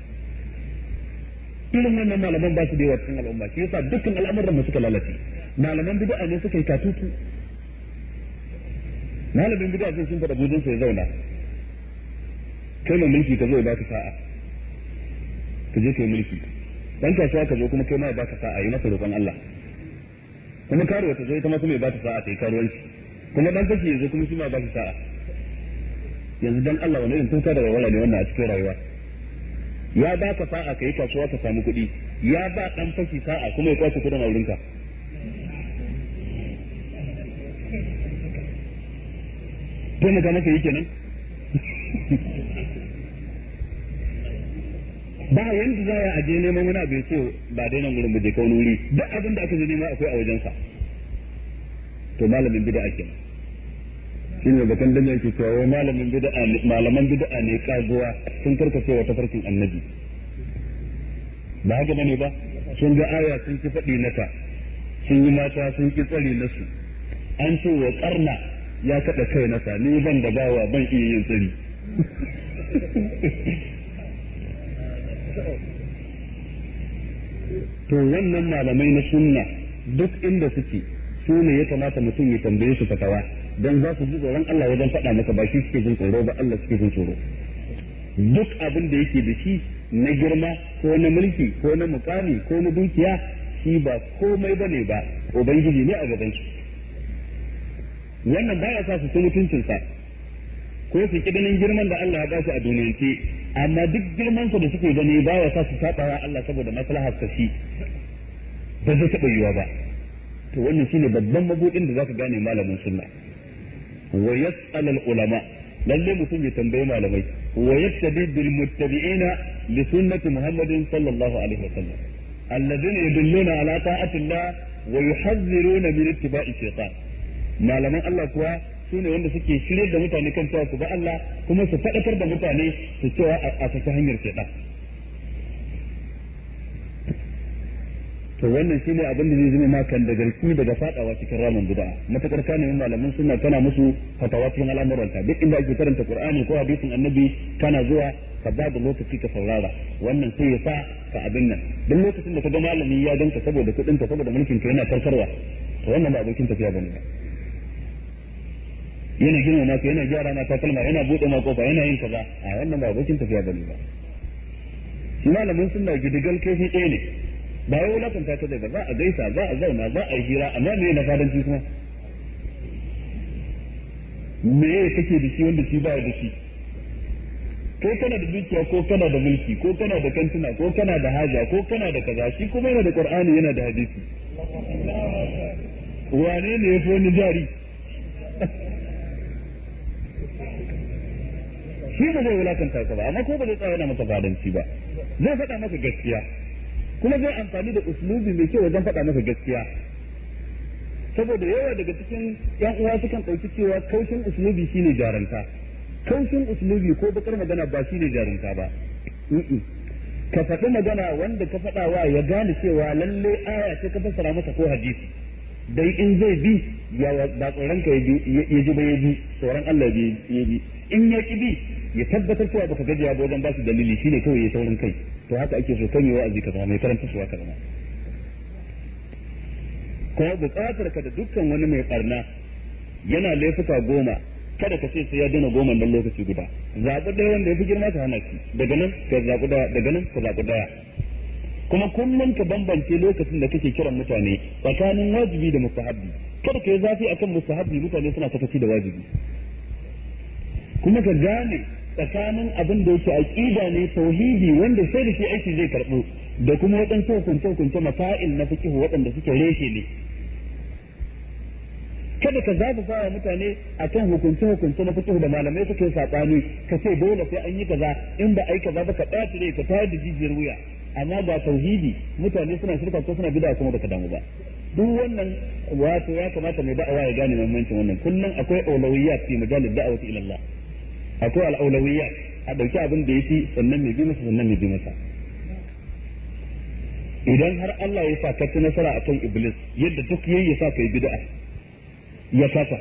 irin wannan malaman ba su da yawa al'umma shi yasa dukkan al'amuran mu suka lalace malaman bid'a ne suka yi katutu malamin bid'a sun sun fada bujin sai zauna kai mulki ka zo ya ka sa'a ka je kai mulki dan kasuwa ka zo kuma kai ma ba ka sa'a yi maka roƙon Allah kuma karuwa ta zo ita ma kuma ba ta sa'a ta yi karuwanci kuma dan kashi yanzu kuma shi ma ba ka sa'a yanzu dan Allah wani irin tunka da walwala ne wannan a cikin rayuwa ya ba ka sa'a ka yi kasuwa ka samu kuɗi ya ba dan fashi sa'a kuma ya kwace kudin aurinka ga nake yi kenan [laughs] ba wanda za a je neman wani abin so ba dai nan gurin mu je ka wani wuri duk abin da aka je nema akwai a wajensa to malamin bid'a shi ne bakan dan yanki kawo malamin bid'a malaman bid'a ne kaguwa sun karkace wa tafarkin annabi ba haka bane ba sun ga aya sun ki faɗi nata sun yi mata sun ki na nasu an ce wa karna ya kaɗa kai nasa ni ban da bawa ban iya yin tsari [laughs] to wannan malamai na sunna duk inda suke su ne ya kamata mutum ya tambaye su fatawa don za su ji tsoron Allah wajen faɗa maka ba shi suke jin tsoro ba Allah suke jin tsoro duk abin da yake da shi na girma ko na mulki ko na mukami ko na dukiya shi ba komai bane ba ubangiji ne a gaban shi wannan baya sa su ci mutuncinsa ko su ki ganin girman da Allah ya ba su a duniyance amma duk girman da suke gani ba ya sa su saba wa Allah saboda maslahar ta shi ba zai taɓa yiwa ba to wannan shine babban mabudin da zaka gane malamin sunna wa yas'al al ulama lalle mutum ya tambayi malamai wa yattabi bil muttabi'ina li sunnati muhammadin sallallahu alaihi wasallam alladhina yadulluna ala ta'atillah wa yuhadhiruna min ittiba'i shaytan malaman Allah kuwa su ne wanda suke shirye da mutane kan cewa su ga Allah kuma su faɗakar da mutane su cewa a saki hanyar shaitan to wannan ne abin da zai zama makan da garki daga faɗawa cikin ramin guda matakar yin malamin suna tana musu fatawa cikin al'amuranta duk inda ake karanta qur'ani ko hadisin annabi kana zuwa ka ba da lokaci ka saurara wannan sai ya sa ka abin nan duk lokacin da ka ga malami ya danka saboda kudin ta saboda mulkin ka yana karkarwa to wannan ba abokin tafiya bane yana girma maka yana gyara na takalma yana bude ma kofa yana yin kaza a wannan ba abokin tafiya ne ba shi malamin sunna gidigal kai ɗaya ne ba yau lakan ta kaza za a gaisa za a zauna za a yi hira amma me na fadanci kuma me kake da shi wanda shi ba da shi ko kana da dukiya ko kana da mulki ko kana da kantuna ko kana da haja ko kana da kaza shi kuma yana da qur'ani yana da hadisi wane ne ya fi wani jari shi ba zai wulakanta ka ba amma ko ba zai tsaya yana maka zalunci ba zai faɗa maka gaskiya kuma zai amfani da uslubi mai kyau wajen faɗa maka gaskiya saboda yawa daga cikin yan uwa sukan ɗauki cewa kaushin uslubi shine jaranta kaushin uslubi ko bakar magana ba shine jarumta ba ka faɗi magana wanda ka faɗa wa ya gane cewa lalle aya ce ka fassara masa ko hadisi dai in zai bi ya ba tsoron ka ya ji ba ya bi tsoron Allah ya bi in ya ki ya tabbatar cewa baka gajiya ba wajen ba su dalili shine kawai ya saurin kai to haka ake so kai wa'azi ka zama mai karanta suwa ka zama ko bukatar ka da dukkan wani mai barna yana laifuka goma kada ka ce sai ya dana goma nan lokaci guda zaɓi ɗaya wanda ya fi girma ka hana shi daga nan ka zaɓi ɗaya daga nan ka zaɓi ɗaya kuma kullum ka bambance lokacin da kake kiran mutane tsakanin wajibi da mustahabi kada ka yi zafi akan mustahabi mutane suna ta da wajibi kuma ka gane tsakanin abin da yake aƙida ne tauhidi wanda sai da shi aiki zai karɓo, da kuma waɗansu hukunce hukunce masail na fiqh waɗanda suke reshe ne kada ka za zafafa sawa mutane a kan hukunce hukunce na fiqh da malamai suke saɓani ka ce dole sai an yi kaza in ba a yi kaza ba ka dace ka tayar da jijiyar wuya amma ba tauhidi mutane suna shirka ko suna bid'a kuma baka damu ba duk wannan wato ya kamata mai da'awa ya gane muhimmancin wannan kullum akwai aulawiyya fi majalis da'awati ila Allah akwai al'aulawiyya a ɗauki abin da ya fi sannan mai bi masa sannan mai bi masa idan har Allah ya sa ci nasara akan iblis yadda duk yayi ya sa kai bid'a ya kafa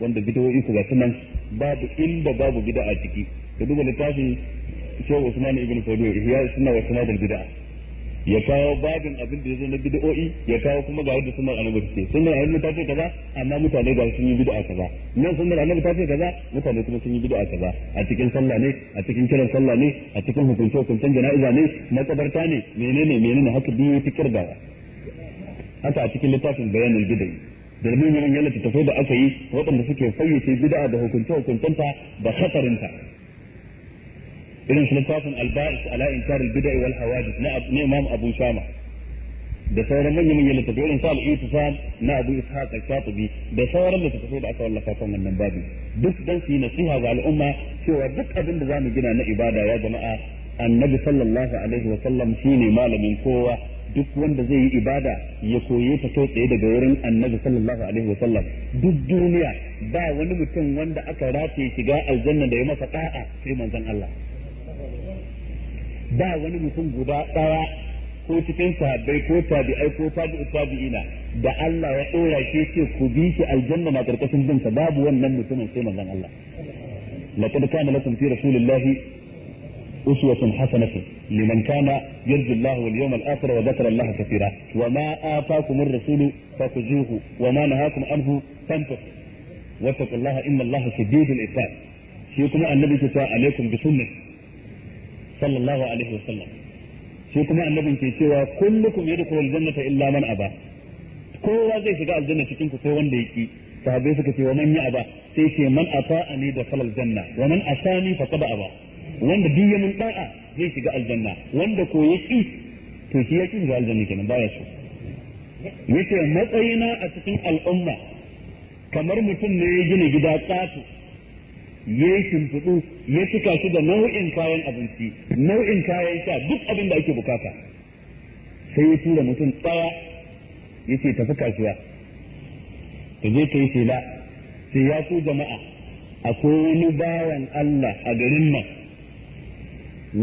wanda bid'o'i ku ga sunan babu inda babu bid'a ciki ka duba littafin Shehu Usman ibn Fadu ya suna wa sunan bid'a ya kawo babin abin da ya zo na bid'o'i ya kawo kuma ga yadda sunnar annabi ce sunnar annabi ta ce kaza amma mutane ga sun yi bid'a kaza nan sunnar annabi ta ce kaza mutane kuma sun yi bid'a kaza a cikin sallah ne a cikin kiran sallah ne a cikin hukunce hukuncen jana'iza ne makabarta ne menene menene haka biyu fikir da haka a cikin littafin bayanin bid'o'i da manyan manyan littattafai da aka yi waɗanda suke fayyace bid'a da hukunce hukuncenta da khatarinta irin su littafin alba'is ala inkar albidai wal hawadith na imam abu shama da sauran manyan manyan littafai irin su al-ittifaq na abu ishaq al-shatibi da sauran littafai da aka wallafa kan wannan babu duk dan su yi nasiha ga al'umma cewa duk abin da zamu gina na ibada ya jama'a annabi sallallahu alaihi wa sallam shine malamin kowa duk wanda zai yi ibada ya koye ta kai tsaye daga wurin annabi sallallahu alaihi wa sallam duk duniya ba wani mutum wanda aka rataye shiga aljanna da ya masa da'a sai manzon Allah ba wani mutum guda ɗaya ko cikin sahabbai ko tabi'ai ko tabi'u tabi'ina da Allah ya ɗora shi ce ku bi shi aljanna na karkashin jinsa babu wannan mutumin sai manzon Allah laqad kana lakum fi rasulillahi uswatun hasanatun liman kana yarju Allah wal yawmal akhir wa dhakara Allah katira wa ma ataakum ar-rasulu fakhuzuhu wa ma nahakum anhu fantahu wattaqullaha inna Allah shadidul iqab shi kuma annabi ta alaikum bi sunnati sallallahu alaihi wasallam shi kuma annabin ke cewa kullukum yadkhulu aljannata illa man aba kowa zai shiga aljanna cikin ku sai wanda yake sahabbai suka ce wa man ya aba sai ce man ata'ani da falal janna wa man asani faqad aba wanda duk ya mun da'a zai shiga aljanna wanda ko ya ki to shi ya shiga aljanna kenan baya so yace matsayina a cikin al'umma kamar mutum ne ya gina gida ƙato ya yi shimfiɗu ya cika shi da nau'in kayan abinci nau'in kayan sha duk abin da ake bukata sai ya tura mutum tsaya ya ce tafi kasuwa ka je ka yi shela sai ya ku jama'a akwai wani bawan Allah a garin nan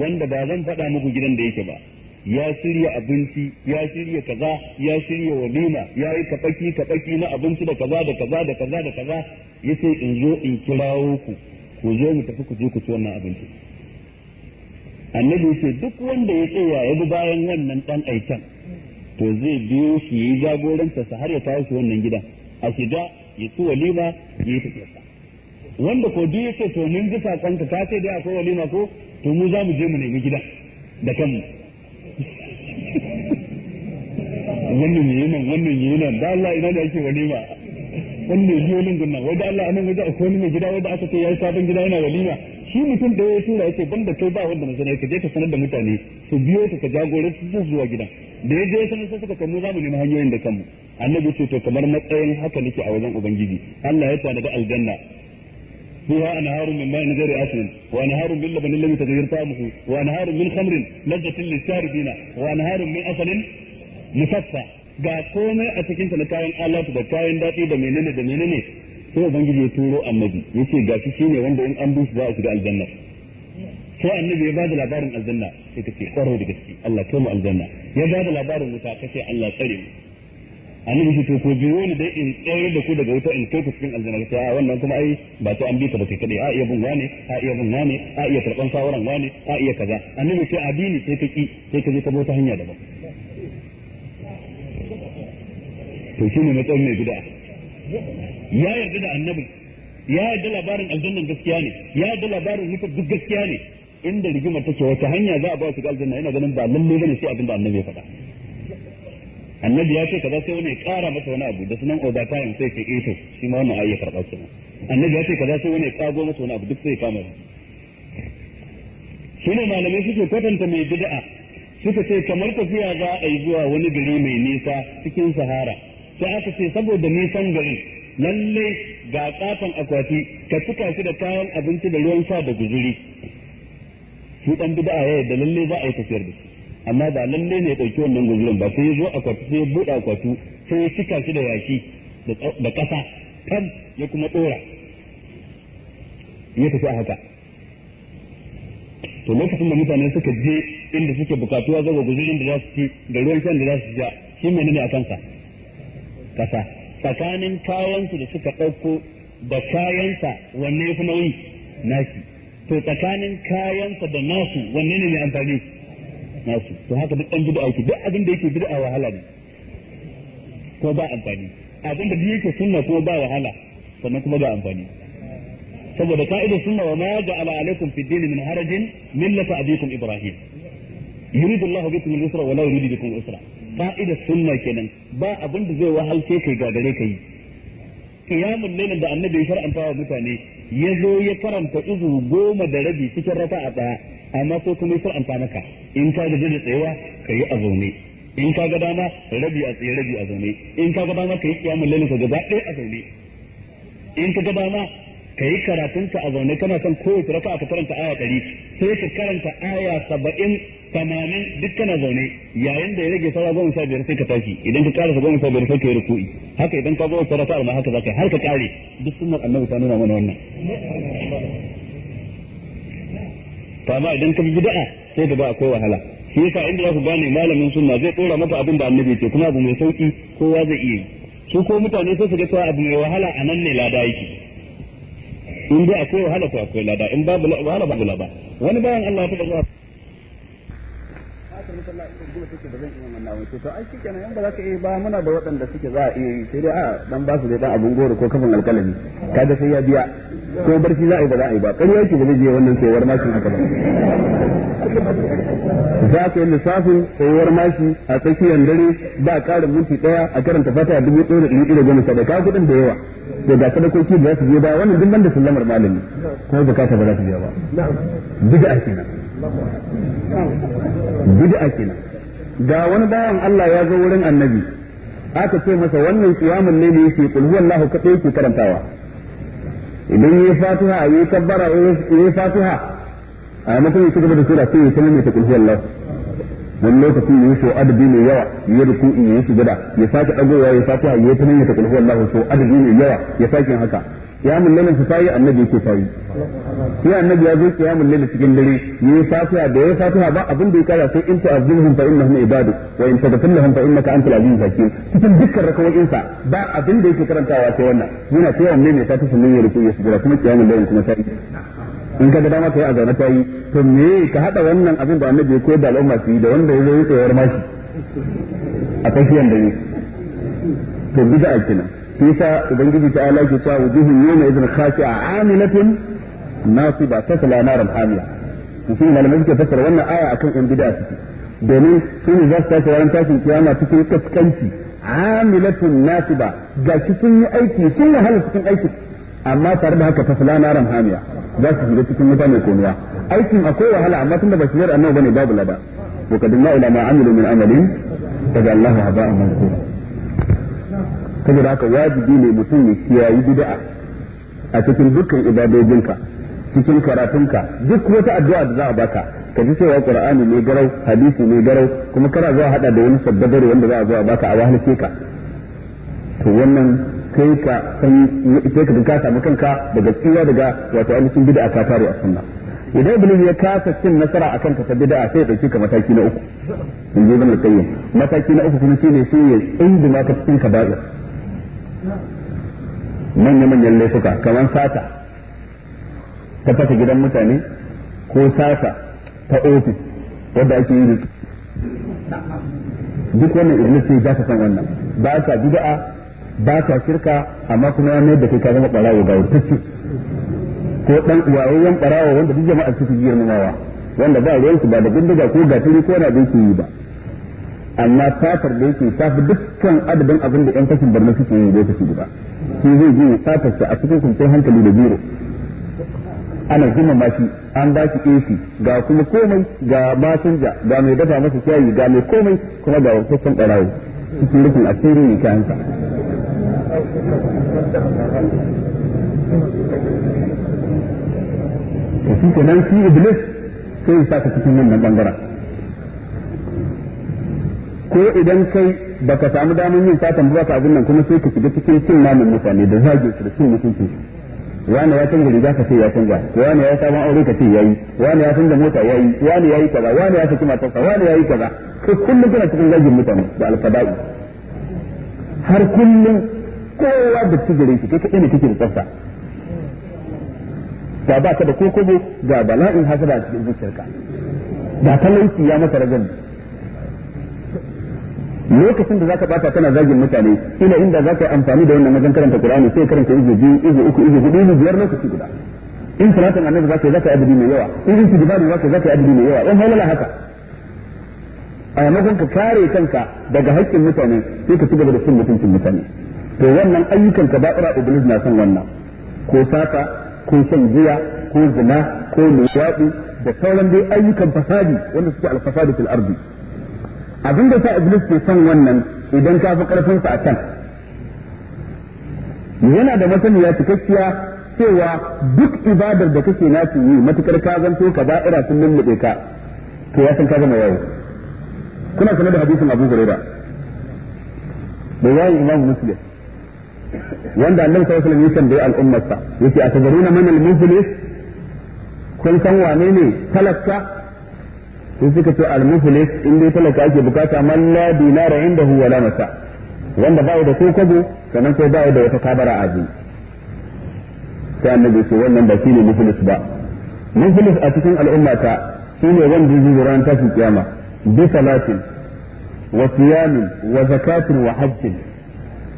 wanda ba zan faɗa muku gidan da yake ba ya shirya abinci ya shirya kaza ya shirya walima ya yi kaɓaki kaɓaki na abinci da kaza da kaza da kaza da kaza ya ce in zo in kirawo ku ku zo mu tafi ku je ku ci wannan abinci annabi ce duk wanda ya tsaya ya bi bayan wannan dan aikan to zai biyo shi yi jagoranta sa har ya kawo shi wannan gidan a shiga ya ci walima ya yi tafiya. wanda ko duk yake to mun ji sakonka ka ce dai akwai walima ko to mu za mu je mu nemi gidan da kanmu [laughs] wannan yi nan wannan yi nan da Allah ina da yake walima wani mai biyo nan gunna wai da Allah anan waje akwai wani mai gida wanda aka ce yi sabon gida yana walima shi mutum da ya tura ban da kai ba wanda masana ka je ka sanar da mutane su biyo ka ka jagore su zuwa gida da ya je sanar sai suka kanmu zamu nemi hanyoyin da kanmu annabi ce to kamar matsayin haka nake a wajen ubangiji Allah ya tanada aljanna فيها أنهار من ماء غير آسن وأنهار من لبن لم يتغير طعمه وأنهار من خمر لذة للشاربين وأنهار من أصل مصفى ga komai a cikin ta na kayan Allah da kayan daɗi da menene da menene sai ubangiji ya turo annabi yace ga shi shine wanda in an bi shi za a shiga aljanna Ko annabi ya bada labarin aljanna sai kace kwarai da gaske Allah kai mu aljanna ya bada labarin wuta kace Allah tsare mu annabi shi to ko biyo ni dai in tsayar da ku daga wuta in kai ku cikin aljanna kace a wannan kuma ai ba to an bi ta ba kai kadai a iya bin wane a iya bin wane a iya karban sawaran wane a iya kaza annabi sai abini sai ka ki sai ka ta ka bota hanya daban to shi ne matsayin mai bid'a ya yarda da annabi ya yarda labarin aljannan gaskiya ne ya yarda labarin wutar duk gaskiya ne inda rigima take wata hanya za a ba su aljanna yana ganin ba lalle bane sai abin da annabi ya faɗa annabi ya ce kaza sai wani ya kara masa wani abu da sunan overtime sai ce ito eh shi ma wannan ayi karɓa kenan annabi ya ce kaza sai wani ya kago masa wani abu duk sai ya kama shi ne malamai suke kwatanta mai bid'a suka ce kamar tafiya za a yi zuwa wani gari mai nisa cikin sahara sai aka ce saboda nisan gari lalle ga katon akwati ka cika shi da kayan abinci da ruwan sha da guzuri su dan bid'a ya da lalle za a yi tafiyar da su amma ba lalle ne ya dauki wannan guzurin ba sai ya zo akwati sai ya buɗe akwati sai ya cika shi da yaki da ƙasa kan ya kuma ɗora ya tafi a haka to lokacin da mutane suka je inda suke bukatuwa zaga guzurin da za su ci da ruwan sha da za su sha shi menene a kansa kasa tsakanin kayansu da suka ɗauko da kayansa wanne ya fi nauyi shi to tsakanin kayansa da nasu wanne ne mai amfani nasu to haka duk ɗan bid'a yake duk abin da yake bid'a wahala ne ko ba amfani abin da yake sunna ko ba wahala sannan kuma ba amfani saboda ka'idar sunna wa ma ja'ala alaikum fid din min harajin millata abikum ibrahim yuridu Allahu bikum al-yusra wa la yuridu bikum al-usra fa'idar sunna kenan ba abin da zai wahalce kai gagare kai qiyamul layl da annabi ya faranta wa mutane ya zo ya karanta izu goma da rabi cikin a daya amma ko kuma ya faranta maka in ka gaje da tsayawa kai a zaune in ka ga dama rabi a tsaye rabi a zaune in ka ga dama kai qiyamul layl ka gaba ɗaya a zaune in ka ga dama ka yi karatunka a zaune kana son kowace rafa ka karanta aya ɗari sai ka karanta aya saba'in tamanin dukkan zaune yayin da ya rage sara goma sha biyar sai ka tashi idan ka karasa goma sha biyar sai ka yi ruku'i haka idan ka zo sara ta ma haka zaka har ka kare duk sunnar annabi ta nuna mana wannan to amma idan ka bi da'a sai da ba akwai wahala shi yasa inda za ku gane malamin sunna zai dora maka abin da annabi ce kuma abu mai sauki kowa zai iya yi su ko mutane sai su ga cewa abu mai wahala a nan ne lada yake in dai akwai wahala ko akwai lada in babu wahala babu lada wani bayan Allah ya tabbata aka mutu Allah ita goma take ba zan iya wannan wato to ai kike nan ba za ka iya ba muna da waɗanda suke za a iya yi sai dai a dan ba su dai dan abun goro ko kafin alƙalami kaga sai ya biya ko barci za a yi ba za a yi ba ƙarya ce ba zai je wannan sayuwar mashin haka ba za ka yi lissafin sayuwar mashi a tsakiyar dare ba ƙarin minti ɗaya a karanta fata a dubu ɗaya da ɗari ɗaya goma sadaka kuɗin da yawa to ga sadakoki da za su je ba wannan duk banda sallamar malami kuma zakata ba za su je ba duk a kenan bid'a kenan ga wani bayan Allah ya zo wurin annabi aka ce masa wannan siyamun ne ne yake kulhu huwallahu ka yake karantawa idan yi fatiha yi kabbara yi fatiha a mutum ya gaba da sura sai ya sanar ta kulhu huwallahu wani lokaci ya yi so adabi mai yawa ya yi ruku'i ya yi sujada ya sake dagowa ya fatiha ya sanar ta kulhu huwallahu so adabi mai yawa ya sake haka kiyamun lailin su tayi annabi yake tayi sai annabi ya zo kiyamun lailin cikin dare yayi fatiha da ya fatiha ba abin da ya kara sai in ta'azzimuhum fa innahum ibadu wa in tadfilhum fa innaka antal azizul hakim cikin dukkan rakawoyin sa ba abin da yake karantawa sai wannan yana cewa ne ne ta tafi mun yi rukuyi ya jira kuma kiyamun lailin kuma tayi in ka ga dama kai a zaune tayi to me ka hada wannan abin da annabi ya koyar da al'umma su yi da wanda ya zo ya tsayar mashi a tafiyan da ne to bid'a kenan shi yasa ubangiji ta ala ke cewa wujuhun yawma idhin khashi'a amilatun nasiba tasla na ramhamiya shi malamai suke fassara wannan aya akan yan bid'a suke domin su ne za su tashi ranar tashin kiyama cikin kaskanci amilatun nasiba ga shi sun yi aiki sun wahala cikin aiki amma tare da haka tasla na ramhamiya za su shiga cikin wuta mai komiya aikin akwai wahala amma tun tunda ba shigar annabi bane babu lada wa kadinna ila ma amilu min amalin daga Allah haba'an mansura saboda haka wajibi ne mutum ya kiyayi bid'a a cikin dukkan ibadojinka cikin karatunka duk wata addu'a da za a baka ka ji cewa qur'ani ne garau hadisi ne garau kuma kana zuwa hada da wani sabbadare wanda za a zo a baka a wahalce ka to wannan kai ka san sai ka dinka samu kanka daga tsira daga wato ainihin bid'a ka tare a sunna idan iblis ya kasa cin nasara akan ka ta bid'a sai ya dauki ka mataki na uku in ji ibn mataki na uku kuma shine sai ya tsinduma ka cikin manya-manyan laifuka kamar sata ta fasa gidan mutane ko sata ta ofis wadda ake yi duk wannan iblis ne za ka san wannan ba ka bid'a ba ka shirka amma kuma yana da kai ka zama barawo ga wurtacce ko dan uwayoyin barawo wanda duk jama'a suke girmamawa wanda ba ruwansu ba da bindiga ko gatiri ko na bin yi ba amma fatar da yake ta fi dukkan adadin abin da yan fashin barna suke yi lokaci guda shi zai ji fatar sa a cikin kwanciyar hankali da biro ana ma shi an ba shi AC ga kuma komai ga masinja ga mai dafa masa shayi ga mai komai kuma ga wakilkan barawo cikin rufin asiri ne kayansa da shi kenan shi iblis sai ya saka cikin wannan bangaren ko idan kai baka samu damar yin fatan ba ka abin nan kuma sai ka shiga cikin cin namun mutane da zage su da cin mutuncin su wani ya canza riga ka ce ya canza wani ya sabon aure ka ce yayi wani ya canza mota yayi wani yayi kaza wani ya saki matarsa wani yayi kaza kai kullum kana cikin zagin mutane da alfada'i har kullum kowa da tigire shi kai kaɗai ne kake da tsafta ga ba ka da kokobo ga bala'in hasada a cikin zuciyarka da talauci ya maka ragani lokacin da zaka bata kana zagin mutane ina inda zaka yi amfani da wannan wajen karanta Qur'ani sai karanta izu biyu izu uku izu hudu izu biyar lokaci guda in salatin annabi zaka yi zaka yi adadi mai yawa in in tijibani zaka zaka yi adadi mai yawa in halala haka a maimakon ka kare kanka daga haƙƙin mutane sai ka ci gaba da cin mutuncin mutane to wannan ayyukan ka ba'ira iblis na son wannan ko sata ko shan giya ko zina ko luwaɗi da sauran dai ayyukan fasadi wanda suke alfasadi fil ardi abin da sa iblis ke son wannan idan ka fi karfin sa a can yana da masaniya cikakkiya cewa duk ibadar da kake su yi matukar ka zanto ka da'ira sun lullube ka to ya san ka gama yawo kuna sanar da hadisin Abu Hurairah da yayin Imam Muslim wanda Annabi sallallahu alaihi wasallam ya tambaye al'ummarsa yake atadaruna man al-muflis kun san wane ne talaka sai suka ce al-muflis in dai talaka ake bukata man la dinara indahu wala mata wanda ba da ko kabo sannan sai ba da wata kabara a ji sai annabi ce wannan ba shine muflis ba muflis a cikin al'umma ta shine wanda zai ran tashi kiyama bi salatin wa siyamin wa zakatin wa hajjin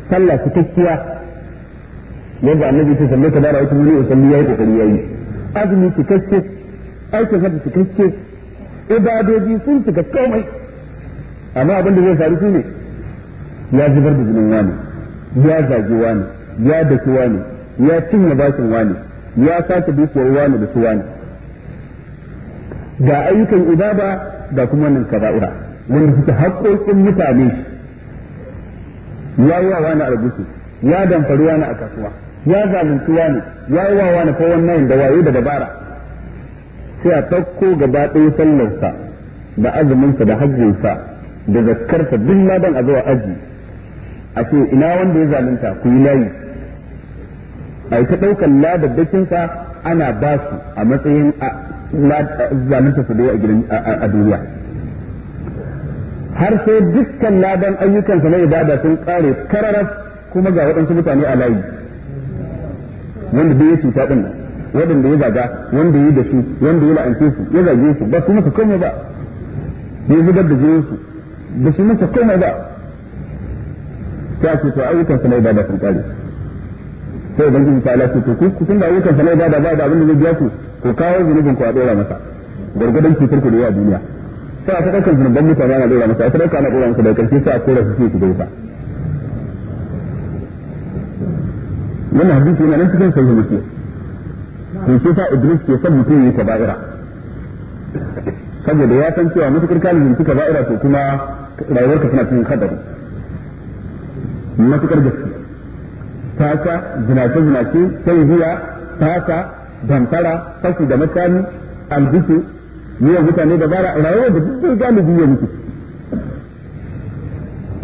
sallah cikakkiya yadda annabi ce sallai ka bara wata wuri usalli yayi kokari yayi azumi cikakke aikin hajji cikakke ibadoji sun cika komai amma abin da zai faru shine ya zubar da jinin wani ya zagi wani ya daki wani ya cinye bakin wani ya sake dukiyar wani da su wani ga ayyukan ibada da kuma wannan kaza'ura wanda suke haƙoƙin mutane ya yi wa wani arbusu ya damfari wani a kasuwa ya zalunci wani ya yi wa wani kowanne da waye da dabara sai a ɗauko gaba ɗaya sallarsa da azuminsa da hajjinsa da zakkarsa duk ladan a zuwa aji a ce ina wanda ya zalunta ku yi layi a yi ta ɗaukan ladabbakinsa ana ba su a matsayin zalunta su da a duniya har sai dukkan ladan ayyukansa na ibada sun ƙare kararar kuma ga waɗansu mutane a layi wanda bai ya cuta ɗin nan waɗanda ya zaga wanda ya da su wanda ya la'ance su ya zage su ba su masa komai ba ya zubar da jinin su ba su masa komai ba ta ce to ayyukan sa na ibada sun kare sai ban jin ala ce to ku kun da ayyukan sa na ibada ba da abin da zai biya ku ko kawo zunubin ku a dora masa gargadan cutar ku da yawa duniya sai a ta ɗaukar zunuban mutane ana dora masa a ta kana ana dora masa da ƙarshe sai a kora su sai ku ba. wannan hadisi yana nan cikin sahihu muslim to shi sa Idris ke son mutum ya kaba'ira saboda ya san cewa mutukar kalibin su kaba'ira to kuma rayuwar ka tana cikin kadari matukar gaske tasa zinace zinace sai hiya tasa damfara fashi da makami albisu yi wa mutane da bara rayuwar da duk galibi ya mutu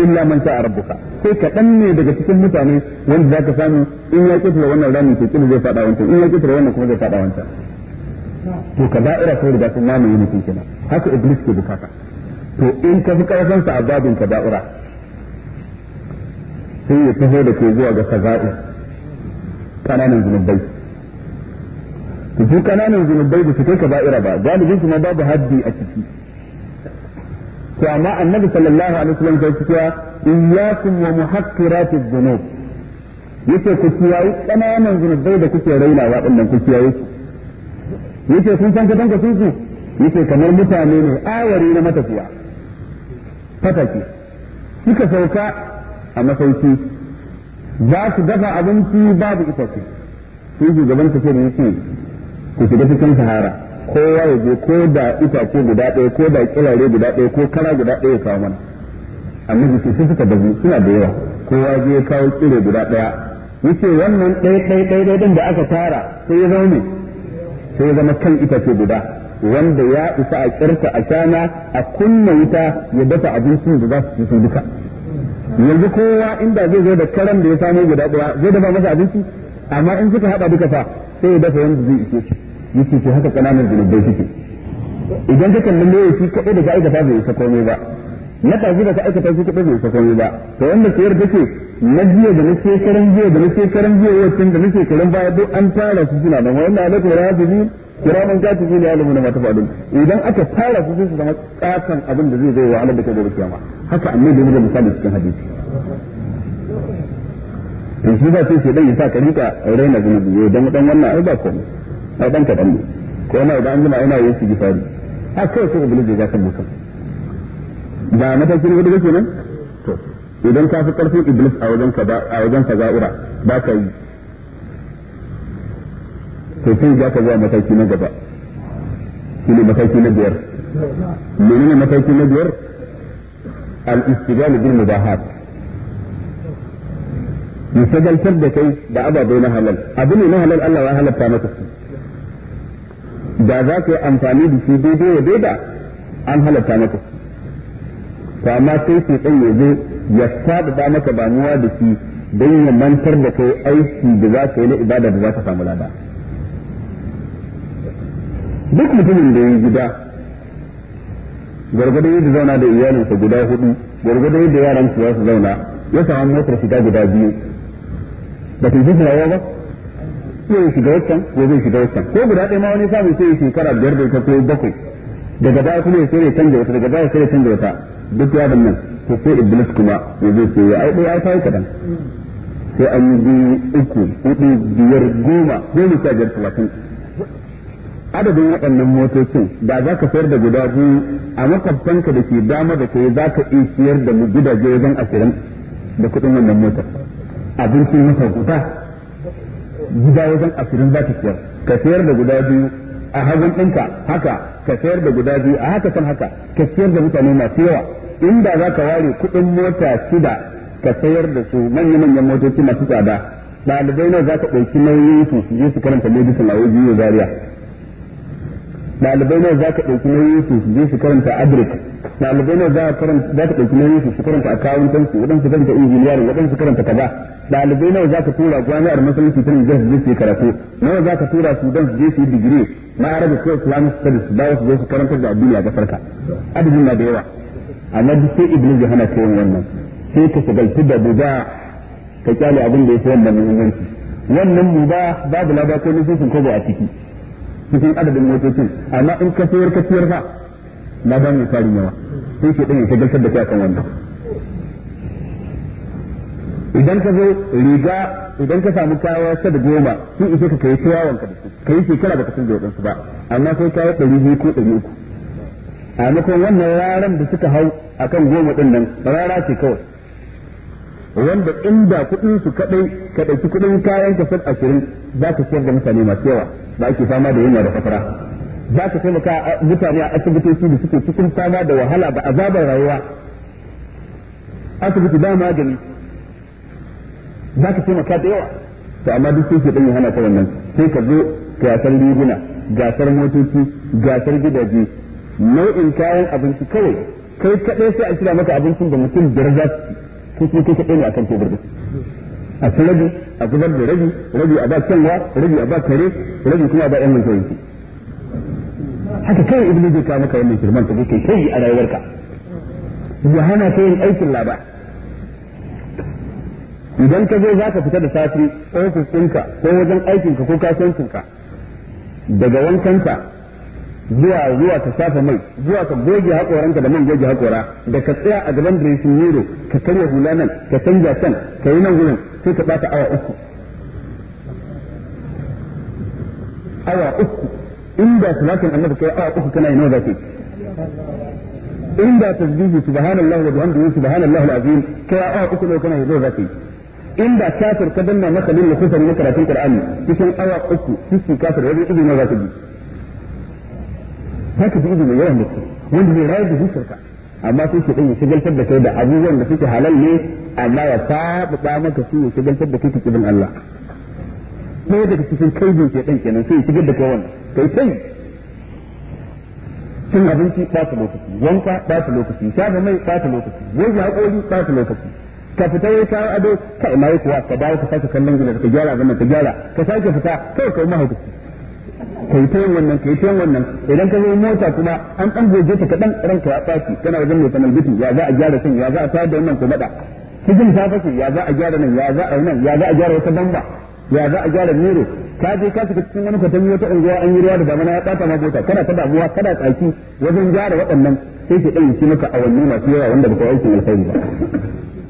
illa man sha'a rabbuka sai kaɗan ne daga cikin mutane wanda ka samu in ya kifra wannan ramin to kin zai faɗa wancan in ya kifra wannan kuma zai faɗa wancan to ka da'ira sai riga sun mamaye mutum kenan haka iblis ke bukata to in ka fi karfin sa a babin ka da'ira sai ya taho da ke zuwa ga kaza'ir kananan zunubai to duk kananan zunubai da su kai kaza'ira ba galibin su ma babu haddi a ciki to amma annabi sallallahu alaihi wasallam sai ya ce iyyakum wa muhaqqiratiz dhunub yace ku kiyayi ƙananan zunubai da kuke rainawa din nan ku kiyaye su yace sun san katanka sun su yace kamar mutane ne awari na matafiya fataki suka sauka a masauki za su dafa abinci babu itace sun gaban ta ce yake ku shiga cikin sahara kowa ya je ko da itace guda ɗaya ko da kirare guda ɗaya ko kara guda ɗaya ya kawo mana annabi ce sai suka dabu suna da yawa kowa je ya kawo kire guda ɗaya yace wannan ɗaya ɗaya ɗaya ɗin da aka tara sai ya zama ne sai ya zama kan itace guda wanda ya isa a kirka a kyana a kunna wuta ya dafa abincin da za su ci su duka yanzu kowa inda zai zo da karan da ya samu guda ɗaya zai dafa masa abinci amma in suka haɗa duka fa sai ya dafa wanda zai ishe shi yace ce haka ƙananan zunubai suke idan ka kalli ne kaɗai da ka aikata bai isa komai ba na ɗazu da ka aikata shi kaɗai bai isa komai ba to wanda sayar da ke na jiya da na shekaran jiya da na shekaran jiya wacin da na shekaran baya duk an tara su suna da wannan alaƙa ya zubi kiraman kati ne ya na mata fadin idan aka tara su su zama katan abin da zai zai wa da kai gobe kiyama haka annabi da muke misali cikin hadisi in shi ba sai dai yasa ka rika raina zunubi ya eh, dan dan wannan ai ba komai ai dan kadan ne ko na idan an jima ina yin shi gifari haka sai iblis ya ga kan mutum ba kin gudu kake nan idan ka fi karfin iblis a wajen ka a wajen ka za'ira ba ka yi to sai za ka zuwa mataki na gaba shine mataki na biyar menene mataki na biyar al-istijal bil mubahat musagaltar da kai da ababai na halal abu ne na halal Allah ya halatta maka su da za ka yi amfani da shi daidai wa daida an halatta maka su to amma sai sai ya zo ya sadada maka damuwa da shi don ya mantar da kai aiki da za ka yi na ibada da za ka samu lada duk mutumin da ya gida gwargwadon yadda zauna da iyalinsa guda hudu gwargwadon yadda yaran su za su zauna ya samu motar shiga guda biyu ba ta yi rawa ba zai shiga wancan ko zai shiga wancan ko guda ɗaya ma wani samun sai shekara biyar da ta ko bakwai daga baya kuma ya sai ya canza wata daga baya sai ya canza wata duk yadin nan ta sai iblis kuma ya zai ce ai dai ya fayi kadan sai an yi biyu uku hudu biyar goma goma sha biyar talatin adadin waɗannan motocin da za ka sayar da guda biyu a makwabtanka da ke dama da kai za ka iya siyar da mu gidaje wajen ashirin da kuɗin wannan motar abincin masa guda gida wajen ashirin za ka siyar ka sayar da guda biyu a hagun ɗinka haka ka sayar da guda biyu a haka san haka ka sayar da mutane masu yawa in da za ka ware kuɗin mota shida ka sayar da su manya-manyan motoci masu tsada ɗalibai na za ka ɗauki nauyin su su je su karanta medicine a wajen zariya ɗalibai ne za ka ɗauki nauyin su su je su karanta agric ɗalibai ne za ka ɗauki nauyin su su karanta accountancy waɗansu karanta engineering waɗansu karanta kaza ɗalibai nawa za ka tura jami'ar musulunci ta Nijar su je su karatu nawa za ka tura su don su je su yi digiri na Arabic ko Islamic studies su dawo su je su karanta da addini a gasar ka adadin na da yawa amma duk sai Ibn Jahana ta yin wannan sai ka shagaltu da buga ka kyale abin da ya fi wannan muhimmanci wannan ba babu lada ko nufin ko ba a ciki cikin adadin motocin amma in ka sayar ka ba na ba mai farin yawa sai ke ɗaya shagaltar da kai kan wannan idan ka zo riga idan ka samu kawo ta da goma sun ishe ka kai ciyawan ka da su kai shekara da kasar da waɗansu ba amma sai kawo ɗari biyu ko ɗari uku a makon wannan raran da suka hau a kan goma ɗin nan rara ce kawai wanda inda kuɗin su kaɗai ka ɗauki kuɗin kayan kasar ashirin za ka siyar da mutane masu yawa da ake fama da yunwa da fatara za ka taimaka mutane a asibitoci da suke cikin fama da wahala da azabar rayuwa asibiti ba magani za ka taimaka da yawa to amma duk sai ke dan hana ta wannan sai ka zo gasar riguna gasar motoci gasar gidaje nau'in kayan abinci kawai kai kaɗai sai a kira maka abincin da mutum biyar za su ci kai kaɗai ne akan tebur a talabi a zubar da rabi rabi a ba kyanwa rabi a ba kare rabi kuma a ba yan wanke haka kai ibnu zai kawo maka wannan firman ka kai kai a rayuwarka ya hana ka yin aikin laba idan ka zo zaka fita da safi ofis ɗinka ko wajen aikinka ko kasuwancinka daga wankanka zuwa zuwa ka shafa mai zuwa ka goge hakoranka da man goge hakora da ka tsaya a gaban dressing mirror ka karya hulanan ka canja can ka yi nan gurin sai ta bata awa uku awa uku inda salatin annabi kai awa uku kana yana zaka inda tasbihu subhanallahi wa bihamdihi subhanallahi alazim kai awa uku ne kana yana zaka inda kafir ka danna maka lil kufri ne karatun qur'ani cikin awa uku cikin kafir wani izini zaka ji haka ji izini yawan da wanda zai rayu da shirka amma sai su ɗin shigaltar da kai da abubuwan da suke halal ne amma ya faɗaɗa maka su ya shigaltar da kai ta kibin Allah ɗaya daga cikin kai ke shaitan kenan sai ya shigar da kai wannan kai sai cin abinci ɓata lokaci wanka ɓata lokaci shafa mai ɓata lokaci yanzu haƙori ɓata lokaci ka fita wai kawo ado kai yi kuwa ka dawo ka sake kallon gina ka gyara zama ka gyara ka sake fita kai kai mahaukaci kai ta yin wannan kai ta yin wannan idan ka zo mota kuma an dan goje ta kadan ranka ya fashi kana wajen mai sanar biti ya za a gyara sun ya za a tayar da wannan ko bada cikin ta fashe ya za a gyara nan ya za a nan ya za a gyara wata bamba ya za a gyara miro ka je ka shiga cikin wani kwatami wata unguwa an yi ruwa da damana ya bata ma mota kana ta damuwa kana tsaki wajen gyara waɗannan sai ke ɗan yi maka awanni masu yawa wanda baka aikin alkhairi ba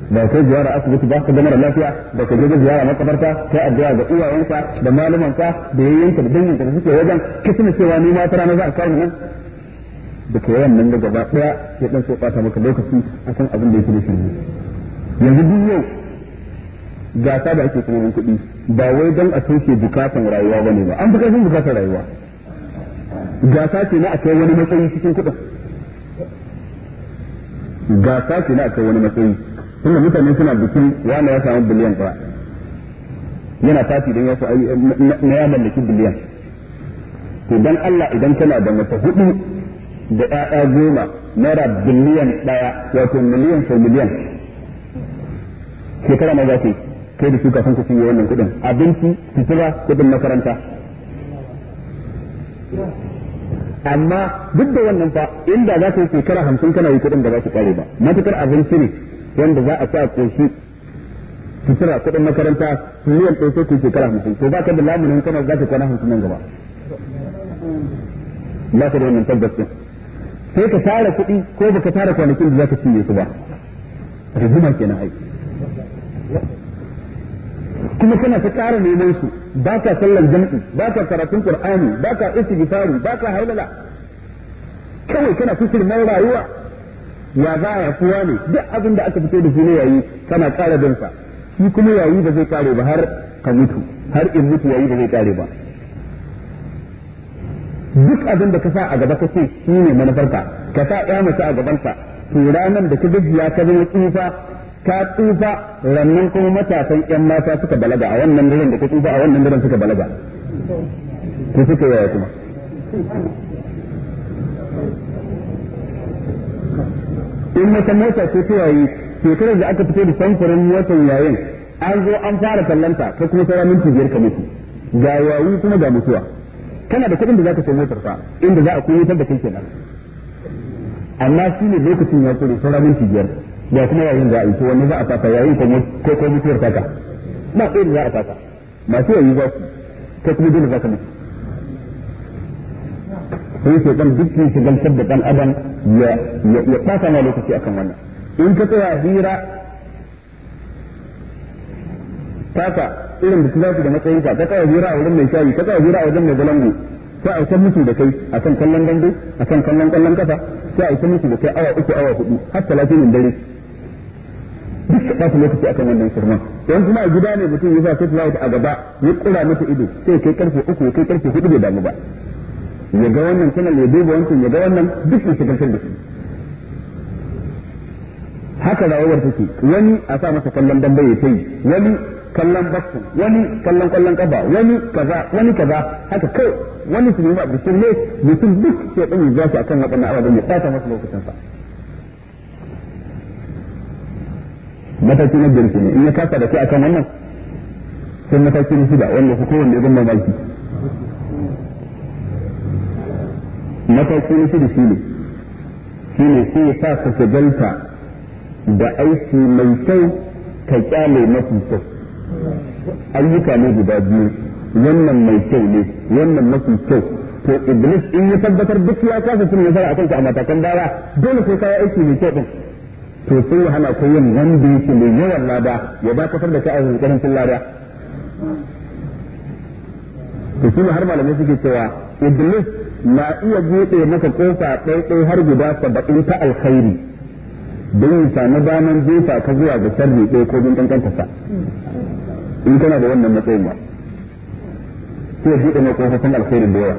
ba kai ziyara asibiti ba ka ga mara lafiya ba ka je ziyara makabarta kai addu'a ga uwayenka da malamanka da yayyanka da danginka da suke wajen tuna cewa ni ma tara na za a kawo nan da kai wannan da gaba daya ya dan so bata maka lokaci akan abin da yake da shi yanzu duk yau gasa da ake tunanin kuɗi ba wai don a toshe bukatan rayuwa bane ba an bukatun bukatan rayuwa gasa ce na a kai wani matsayi cikin kuɗin gasa ce na a kai wani matsayi tunda mutane suna bikin wanda ya samu biliyan ɗaya yana tafi don ya su na ya mallaki biliyan to dan Allah idan kana da mata hudu da ƴaƴa goma naira biliyan ɗaya wato miliyan sau miliyan shekara ma za su kai da su kafin ku cinye wannan kuɗin abinci sutura kuɗin makaranta amma duk da wannan fa inda za ka yi shekara hamsin kana yi kuɗin da za ka kare ba matukar abinci ne wanda za a sa koshi tura kuɗin makaranta miliyan yi sai ku shekara hamsin to ba ka da lamun kana za ka kwana hamsin nan gaba ba ka da wannan tabbas ɗin sai ka tara kuɗi ko ba ka tara kwanakin da za ka cinye su ba rigima kenan ai kuma kana ta ƙara neman su ba ka sallar jam'i ba ka karatun qur'ani ba ka istighfari ba ka haulala kawai kana kusur mai rayuwa ya za ya ne duk abin da aka fito da shi ne yayi kana kara bin sa shi kuma yayi ba zai kare ba har ka mutu har in mutu yayi ba zai kare ba duk abin da ka sa a gaba ka ce shi ne manufarka ka sa ya mace a gabanka to ranan da ka gajiya ka zama tsufa ka tsufa rannan kuma matasan yan mata suka balaga a wannan daren da ka tsufa a wannan daren suka balaga to suka yaya kuma in wata mota ce ta yayi shekarar da aka fito da samfurin watan yayin an zo an fara kallanta ko kuma sai minti biyar ka mutu ga yayi kuma ga mutuwa kana da kuɗin da zaka sai motar ka inda za a koyatar da kai kenan amma shi ne lokacin ya kure sai minti biyar ya kuma yayin za a yi to wani za a fata yayin ko ko mutuwar taka ba sai za a fata masu yayi za ku kai kuma dole za mutu sai dan duk shi shigaltar da dan adam ya ya ta ma lokaci akan wannan in ka tsaya hira taka irin da tunafi da matsayin ka ka tsaya hira a wurin mai shayi ka tsaya hira a wurin mai balangu sai a san mutu da kai akan kallon a akan kallon kallon kafa sai a san mutu da kai awa uku awa hudu har talatin dare duk ka ɓata lokaci akan wannan shirman dan kuma a gida ne mutum ya sa sai a gaba ya kura mata ido sai kai karfe uku kai karfe hudu bai damu ba ya ga wannan channel ya duba wancan ya ga wannan duk ya shigar da shi haka rayuwar take wani a sa masa kallon dambe ya tai wani kallon bakku wani kallon kallon kaba wani kaza wani kaza haka kai wani su ba bikin ne mutum duk sai dan ya zafi akan wadannan ababen ya tsata masa lokacin sa mataki na biyar ne in ya kasa da kai akan wannan sai mataki na shida wannan hukumar da ya zama malki mataki na shida shi ne shi ne sai ya sa ka shagalta da aiki mai kyau ka kyale mafi kyau ayyuka ne guda biyu wannan mai kyau ne wannan mafi kyau to iblis in ya tabbatar duk ya kasa cin nasara akan ka a matakan dara dole sai kai aiki mai kyau din to sai ya hana ku yin wanda yake mai yawan lada ya dakatar da kai a karancin lada to shi har malamai suke cewa iblis na iya buɗe maka kofa ɗaiɗai har guda saba'in ta alkhairi don ya sami daman jefa ka zuwa ga sharri ɗaya ko bin kankanta sa in kana da wannan matsayin ba sai ya buɗe maka san alkhairi da yawa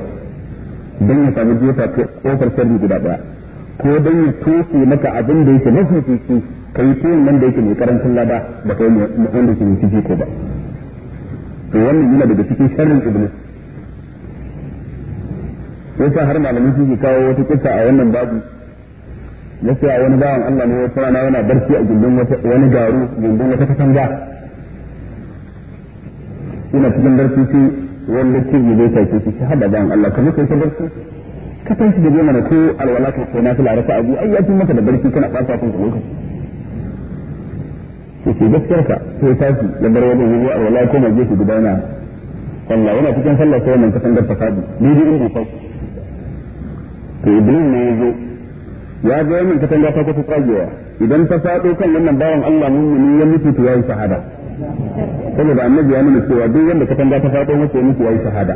don ya sami jefa kofar sharri guda ɗaya ko don ya toshe maka abin da yake mafi fifi ka yi tuwon nan da yake mai karancin lada ba ka yi wanda ke mai ko ba to wannan yana daga cikin sharrin iblis yasa har malamin suke kawo wata kisa a wannan babu na a wani bawan Allah ne wata rana yana barci a gindin wani garu gindin wata katanga ina cikin barci shi wanda ke ne zai sake shi shi hada bayan Allah kamar kai ta barci ka san shi da zai mana ko alwala ka sai na fila rasa abu ai ya fi maka da barci kana ɓata kan lokaci sai ce gaskiyar ka sai tashi da bar wajen yanzu alwala ko mai je guda gudana sallah yana cikin sallah sai wannan katangar fasadi dai inda ya sauki to iblis ne ya zo ya ga yamin katanga ta kusa tsagewa idan ta faɗo kan wannan bawan Allah mummuni ya mutu to yayi shahada saboda annabi ya nuna cewa duk wanda katanga ta faɗo masa ya mutu yayi shahada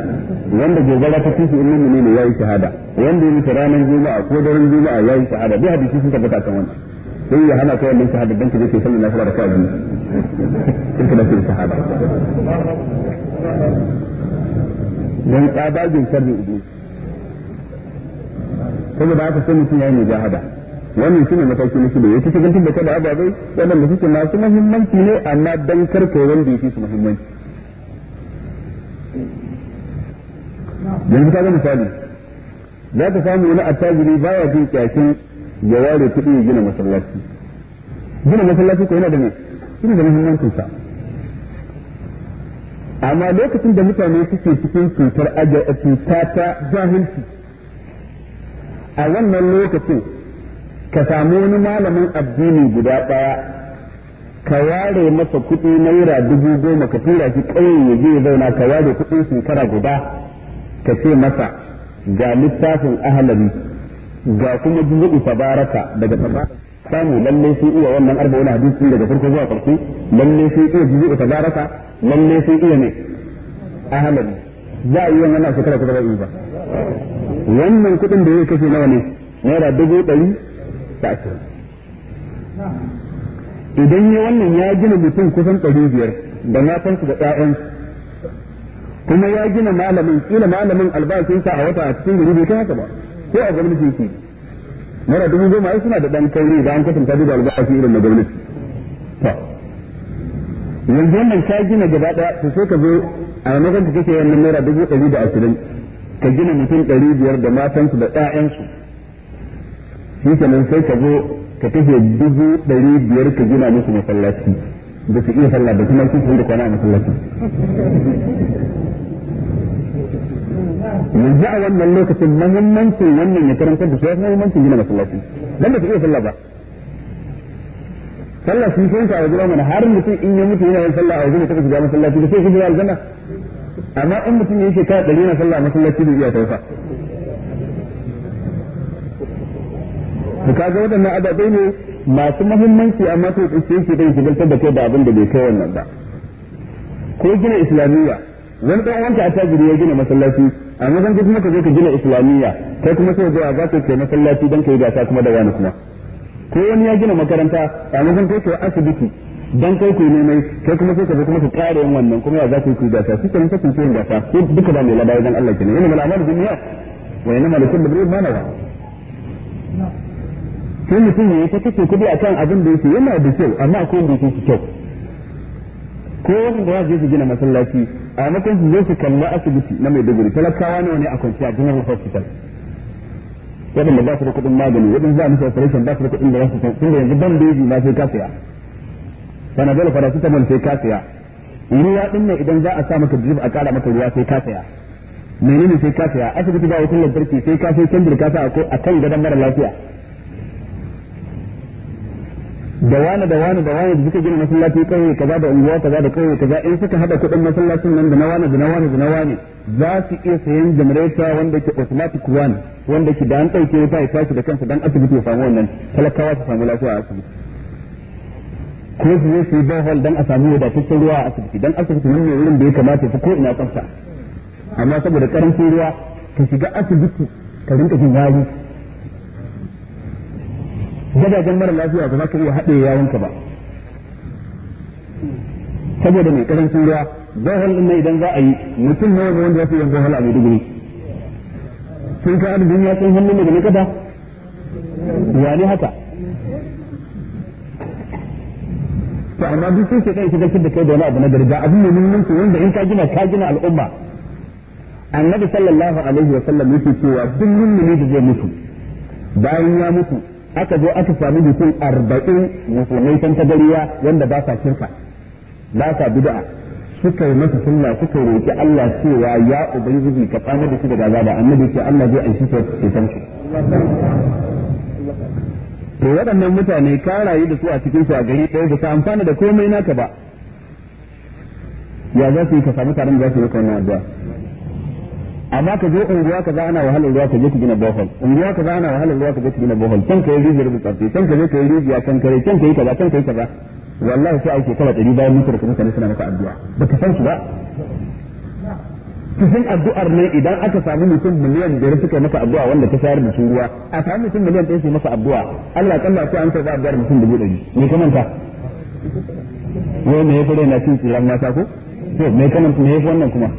wanda gobara ta kishi in mummuni ne yayi shahada wanda ya mutu ranar juma'a ko daren juma'a yayi shahada duk hadisi sun tabbata kan wannan sai ya hana ka wannan shahada dan ka je kai sallar nafila da ka biyu sai ka dace shahada dan tsabagin sharri iblis saboda haka sai mutum ya yi mujahada wannan ne mataki na shida yake shigantar da kada ababai waɗanda suke masu muhimmanci ne amma dan karka wanda yake su muhimmanci yanzu ka ga misali za ka samu wani attajiri baya jin kyashin ya ware kuɗi ya gina masallaci gina masallaci ko yana da me yana da muhimmancin sa amma lokacin da mutane suke cikin cutar ajiyar cuta ta jahilci a wannan lokacin ka samu wani malamin addini guda ɗaya ka ware masa kuɗi naira dubu goma ka tura shi ƙauye ya je zauna ka ware kuɗin shekara guda ka ce masa ga littafin ahalari ga kuma juzu'u tabaraka daga tabaraka samu lalle sai iya wannan wani hadisi daga farko zuwa farko lalle sai iya juzu'u tabaraka lalle sai iya ne ahalari za a yi wannan shekara kusa ba wannan kuɗin da zai kashe nawa ne naira dubu ɗari da ashirin idan ya wannan ya gina mutum kusan ɗari biyar da matansu da ƴaƴansu kuma ya gina malamin kila malamin albashinsa a wata a cikin gari bai kai haka ba ko a gwamnati yake naira dubu goma ai suna da ɗan kauri da an kwatanta da albashi irin na gwamnati yanzu wannan ka gina gaba ɗaya to sai ka zo a maimakon ka kake wannan naira dubu ɗari da ashirin ka gina mutum ɗari biyar da matansu da ƴaƴansu shi kenan sai ka zo ka kashe dubu ɗari biyar ka gina musu masallaci da su iya sallah da kuma su da kwana a masallaci yanzu a wannan lokacin mahimmancin wannan ya karantar da su ya mahimmancin gina masallaci dan da su iya sallah ba sallah sun sun ka a wajen mana har mutum in ya mutu yana yin sallah a wajen da kafa shiga masallaci da sai shi shiga aljanna amma in mutum ya yi shekara ɗari na sallah masallaci da iya tausa to kaga waɗannan ababai ne masu muhimmanci amma to tsaye shi dai shigaltar da kai da abin da bai kai wannan ba ko gina islamiyya wani dan wanka a tajiri ya gina masallaci a mazan kuma ka zo ka gina islamiyya kai kuma sai zuwa za ka ce masallaci dan kai gasa kuma da wani kuma ko wani ya gina makaranta a mazan kai asibiti dan kai ku ne mai kai kuma sai ka kuma ka kare yin wannan kuma ya za ku yi ku gasa su sai kake yin gasa ko duka da mai labarin Allah kenan yana malamar duniya wa yana malikul dabri ma na ba sai mutum ya yi ta kake kudi akan abin da yake yana da kyau amma akwai wanda yake kyau ko wanda ya je su gina masallaci a makon su zo su kalla asibiti na mai duguri talakawa nawa ne a kwanciya general hospital waɗanda ba su da kuɗin magani wadanda za a musu operation ba su da kuɗin da za su yanzu ban da yaji ma sai ka saya sanadol paracetamol sai ka saya ruwa din nan idan za a sa maka drip a kara maka ruwa sai ka saya menene sai ka saya asibiti ba wutar lantarki sai ka sai kendir ka sa a kan gadon mara lafiya da wani da wani da wani da suka gina masallaci kawai kaza da unguwa kaza da kawai kaza in suka hada kuɗin masallacin nan da na wani da na wani da na wani za su iya sayan janareta wanda ke automatic one wanda ke da an ɗauke wuta ya tashi da kansa dan asibiti ya samu wannan talakawa su samu lafiya a asibiti ko su ne su yi bahol dan a samu wadataccen ruwa a asibiti dan asibiti nan ne wurin da ya kamata ko ina tsafta amma saboda karancin ruwa ka shiga asibiti ka rinka jin wari gadajen mara lafiya ba za ka iya haɗe yawonka ba saboda mai karancin ruwa bahol ɗin nan idan za a yi mutum ne wanda ya fi yin bahol a Maiduguri sun ka arzikin ya hannu daga ne kada wani haka to amma duk ce kai ki kin da kai da wani abu na garga abin ne mun wanda in ka gina ka gina al'umma annabi sallallahu alaihi wa sallam yake cewa duk mummuni da zai mutu bayan ya mutu aka zo aka samu mutum arba'in musulmai san tagariya wanda ba sa shirka ba sa bid'a suka yi masa sunna suka roki Allah cewa ya ubangiji ka tsamar da shi daga azaba annabi ce Allah zai aishi ta ceton su to waɗannan mutane ka rayu da su a cikin su a gari ɗaya ba ka amfana da komai naka ba ya za su yi ka samu taron za su yi na addu'a amma ka zo unguwa kaza ana wahalar ruwa ka je ka gina bohol unguwa kaza ana wahalar ruwa ka je ka gina bohol can ka yi rijiyar da tsarki can ka je ka yi rijiya can ka yi can ka yi kaza can ka yi kaza wallahi sai a kala ɗari bayan mutu ka kuma suna maka addu'a ka san su ba cikin addu'ar ne idan aka samu mutum miliyan ya suka masa addu'a wanda ta shayar da su ruwa a samu mutum miliyan ɗaya su masa addu'a Allah kalla ko an karɓa addu'ar mutum dubu ɗari me ka manta wai me yafi raina cin tsiran mata ko to me ka manta me yafi wannan kuma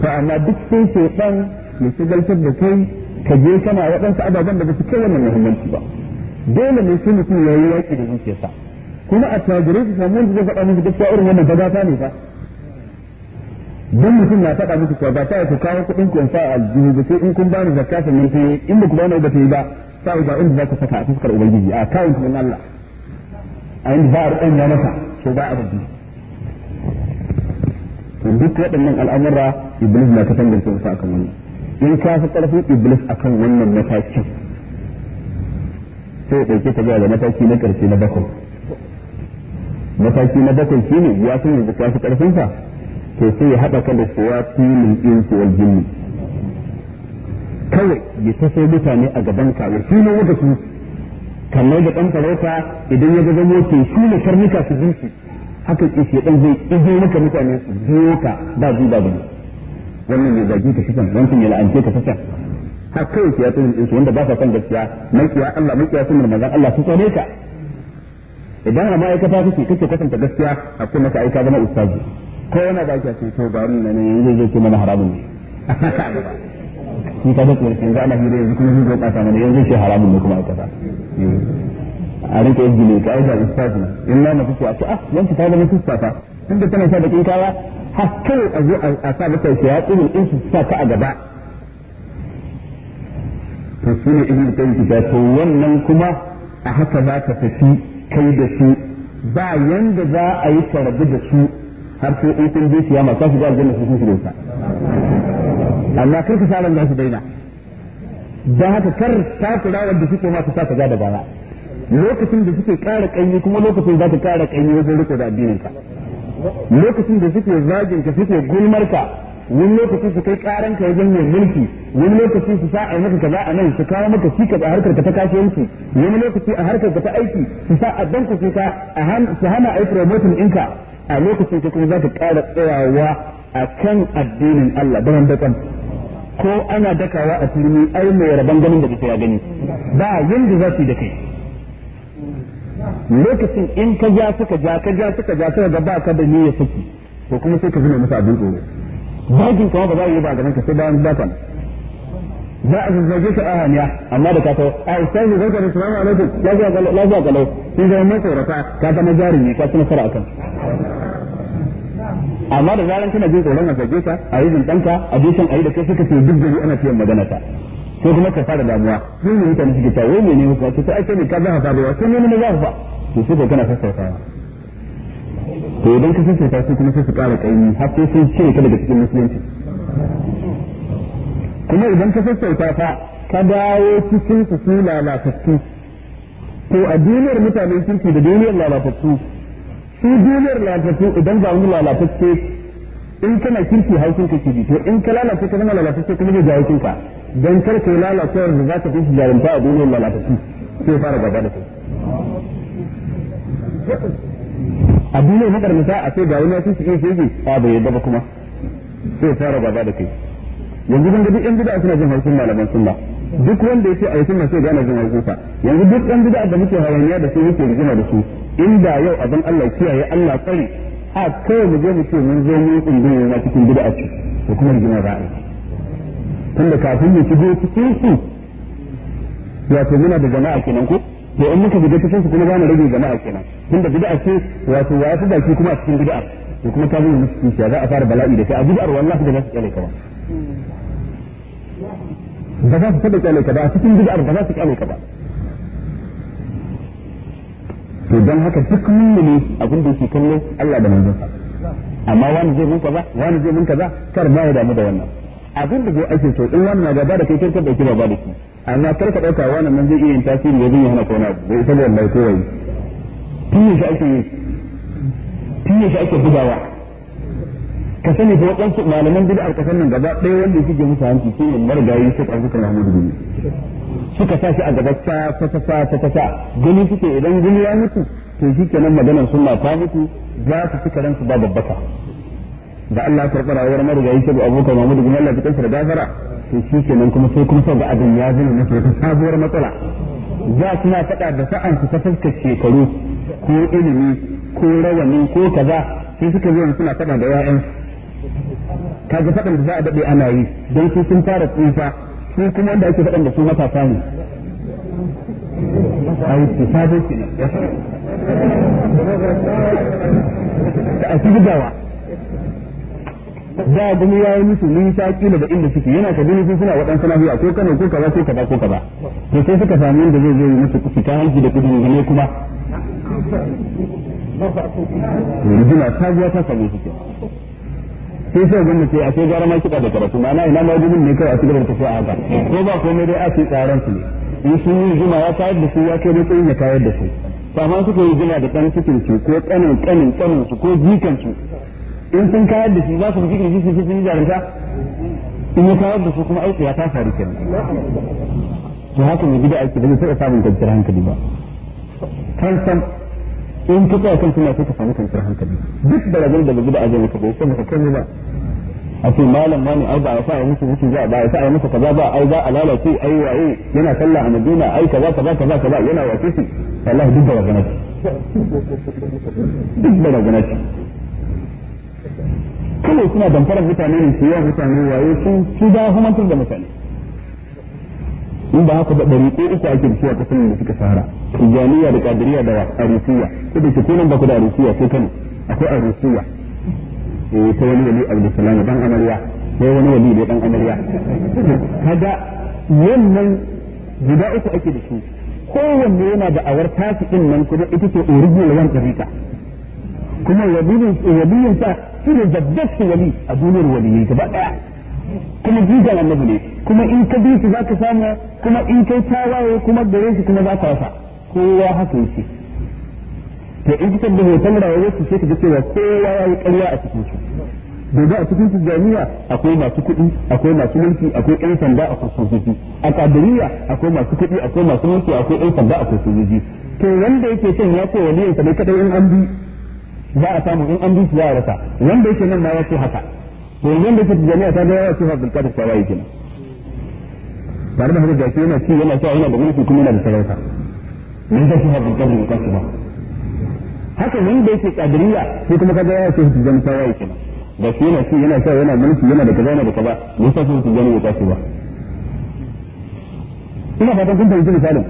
to amma duk sai shaitan ya shigaltar da kai ka je kana waɗansu ababen da ba su kai wannan muhimmanci ba dole ne sai mutum ya yi yaƙi da zuciyarsa kuma a attajirai su samu wanda zai faɗa musu gaskiya irin wannan ba bagata ne fa don mutum na faɗa muku cewa ba ta ku kawo kuɗin ku in sa aljihu ba sai in kun bani zakka sannan sai in ba ku bani ba ta yi ba sai ba inda za ku saka a fuskar ubangiji a kawun ku Allah a inda za a ruɓanya masa so ba a rubuta to duk waɗannan al'amura iblis na ta tangance wasu akan wannan in ka fi ƙarfin iblis akan wannan matakin. sai ya ɗauke ta zuwa da mataki na ƙarshe na bakwai mataki na bakwai shine ya san yanzu ka fi karfin sa to sai ya hada kan da shayatin insu wal jinni kawai ya taso mutane a gaban ka ya sunan wata su kamar da ɗan farauta idan ya ga zamo ke shi ne karnuka su bi haka ke shi ɗan zai ido maka mutane su biyo ka ba zu ba bane wannan ya zagi ka kasan wancan ya la'ance ka kasan har kawai ke ya tsohon wanda ba sa son gaskiya mai kiya Allah mai kiya sunan manzon Allah su tsare ka idan a ma'aikata kake kake kwatanta gaskiya a kuma maka aika zama ustazi ko yana ba ki ce to ga wannan ne yanzu zai ce mana haramun ne ni [laughs] ka dace yanzu ana hira yanzu kuma zai kasa mana yanzu ce haramun ne kuma aikata a eh. rinka yin gine ka aika ustazi in na mace a ce ah yanki ta zama sista fa tunda tana sa bakin kaya har kai a zo a sa mata shi ya tsirin in su sa ka a gaba to shi ne ibn tayyib ta to wannan kuma a haka za ka tafi kai da su ba yanda za a yi tarbi da su har sai in sun bi kiyama za su ga aljanna su sun shiga amma kar ka salan za su daina da haka kar takura wanda suke ma ka sa ka ga da baya lokacin da suke ƙara ƙanyi kuma lokacin za ka ƙara ƙanyi wajen riko da addinin ka lokacin da suke zagin ka suke gulmar ka wani lokaci su kai karan ka wajen mai mulki wani lokaci su sa a maka kaza a nan su kawo maka shi a harkar ka ta kasuwanci wani lokaci a harkar ka ta aiki su sa a banku su ka su hana a yi promotion ɗinka a lokacin ka kuma za ka ƙara tsayawa a kan addinin Allah da dakan ko ana dakawa a turmi ai mai rabon ganin da ya gani ba yanda za su yi da kai lokacin in ka ja suka ja ka ja suka ja suka ga ba ka da niyyar saki ko kuma sai ka zina masa abin tsoro bakin kuma ba za a yi ba ga nanka sai bayan bakon za a zazzage shi a hanya amma da a so a zai zaka su ya alaikum lafiya kalau kalau sun zama mai tsorata ka zama jarumi ka kuma fara akan amma da zaran kana jin tsoron a zage ka a yi zantanka a dukan a yi da kai suka ce duk gari ana ciyan magana ta ko kuma ka fara damuwa sun ne mutane suke ta wai mene hukunci sai ake ne ka za ka faruwa sun ne ne za ka fa to suka kana sassautawa to idan ka ta su kuma sai su ƙara ƙaimi har sai sun cire ka daga cikin musulunci kuma idan ka sassauta fa ka dawo cikin su su lalatattu to a duniyar mutanen kirki da duniyar lalatattu su duniyar lalatattu idan ba wani lalatacce in kana kirki haukun ka ji to in ka lalace ka zama lalatacce kuma zai jawo dan kar ka lalacewar da za fi jarumta a duniyar lalatattu sai fara gaba da kai a duniya na karnata a sai ga wani sun shige shege a bai yadda ba kuma sai fara gaba da kai yanzu kun ga duk yan bid'a suna jin harshen malaman sunna duk wanda a yi sunna sai gane jin harshen sa yanzu duk yan bid'a da muke ya da su yake rigima da su inda yau abin Allah kiyaye Allah tsari, a kai mu je mu ce mun zo mun tsundun yana cikin a ce ko kuma rigima za a yi tunda kafin mu shigo cikin su ce muna da jama'a kenan ko to in muka shiga cikin su kuma ba mu rage jama'a kenan tunda bid'a ce wato wa fi baki kuma a cikin bid'a to kuma ta zama musu kishiya za a fara bala'i da kai a bid'ar wallahi da za su kyale ka ba ba za su taɓa kyale kaba a cikin bid'ar ba za su kyale kaba to don haka duk mummuni abin da yake kallo Allah da manzon amma wani zai mun kaza wani zai mun kaza kar ma ya damu da wannan abin da zai ake so in wannan gaba da kai kanka da kiba ba da shi amma kar ka dauka wannan nan zai iya yin tasiri wajen hana kona bai saboda mai kowaye tinye shi ake tinye shi ake bugawa ka sani waɗansu malaman bid'ar kasan nan gaba ɗaya wanda suke musu hanci shi ne marigayi su ƙarfi kan Ahmadu Bello suka sa shi a gaba ta ta ta ta gani suke idan gani ya mutu to shi kenan maganar sunna ta mutu za su ci su ba babbaka da Allah ya karɓa rayuwar marigayi shi abokan Muhammadu Bello Allah ya kansa da gafara to shi kenan kuma sai kun sa ga abin ya zama masa wata sabuwar matsala za suna faɗa da sa'an su ta fuskar shekaru ko ilimi ko rawani ko kaza sai suka zo suna faɗa da ƴaƴan kaga faɗan da za a daɗe ana yi don su sun fara tsufa su kuma wanda ake faɗan da su matasa ne a da a da gumi ya yi musu mun sha kila da inda suke yana ka sun suna waɗansu lafiya ko kano ko kaza ko kaza ko kaza to sai suka samu yadda zai zai musu ta hanki da kudin gane kuma rigima ta zuwa ta samu suke sai sai gwamna ce a sai gara ma kiɗa da karatu ma'ana ina ma gumin ne kawai a cikin tafiya a haka ko ba komai dai a ce tsaron su ne in sun yi juma ya tayar da su ya kai matsayin ya tayar da su ba ma suka yi rigima da ɗan cikin su ko ƙanin ƙanin ƙanin su ko jikan su in sun kayar da shi za su fi kirji su sun yi jarinta in ya kayar da su kuma aiki ya ta faru kenan to haka mai gida aiki ba zai taɓa samun kwanciyar hankali ba Kan san in ka tsaya kan suna sai ka samu kwanciyar hankali duk da ragar da bai gida aje ka bai sai maka komai ba a ce malam wani ai ba a sa musu musu za ba a sa musu kaza ba ai za a lalace ai waye yana sallah a Madina ai kaza kaza kaza kaza yana wace shi wallahi duk da raganati duk da raganati kuma suna damfarar mutane ne su yi mutane waye sun su da humantar da mutane in ba haka ba ɗari ko uku ake da shi a da suka fara tijjaniya da kadiriya da arusuwa ko da ke nan ba ku da arusuwa ko kano akwai arusiya eh, ta wani wali abdulsalam dan amarya sai wani wali da dan amarya kaga wannan guda uku ake da su kowanne yana da awar tasi din nan kuma ita ce original yan tarika kuma waliyin sa shi ne babban wali a duniyar waliyai gaba daya kuma jigan annabi ne kuma in ka bi su za ka samu kuma in kai tawaye kuma gare shi kuma za ka wasa kowa haka yake to in kika da hoton rayuwar su sai ka ga cewa kowa ya yi ƙarya a cikin su a cikin jami'a akwai masu kuɗi akwai masu mulki akwai ƴan sanda akwai sojoji a kadiriya akwai masu kuɗi akwai masu mulki akwai ƴan sanda akwai sojoji to wanda yake son ya ce wani sa ne kadai in an bi za a samu in an bi ya rasa wanda yake nan ma ya ce haka to wanda yake jami'a ta ga ya ce Abdul Qadir Sawai kenan bari da haka da ke yana ci yana cewa yana da mulki kuma yana da sarauta in da shi Abdul Qadir kansu ba haka wanda yake kadiriya sai kuma kaga ya ce ta Sawai kenan da shi yana ci yana cewa yana mulki yana da kaza yana da kaza ne sa su jami'a ta ba ina fatan kun fahimci misalin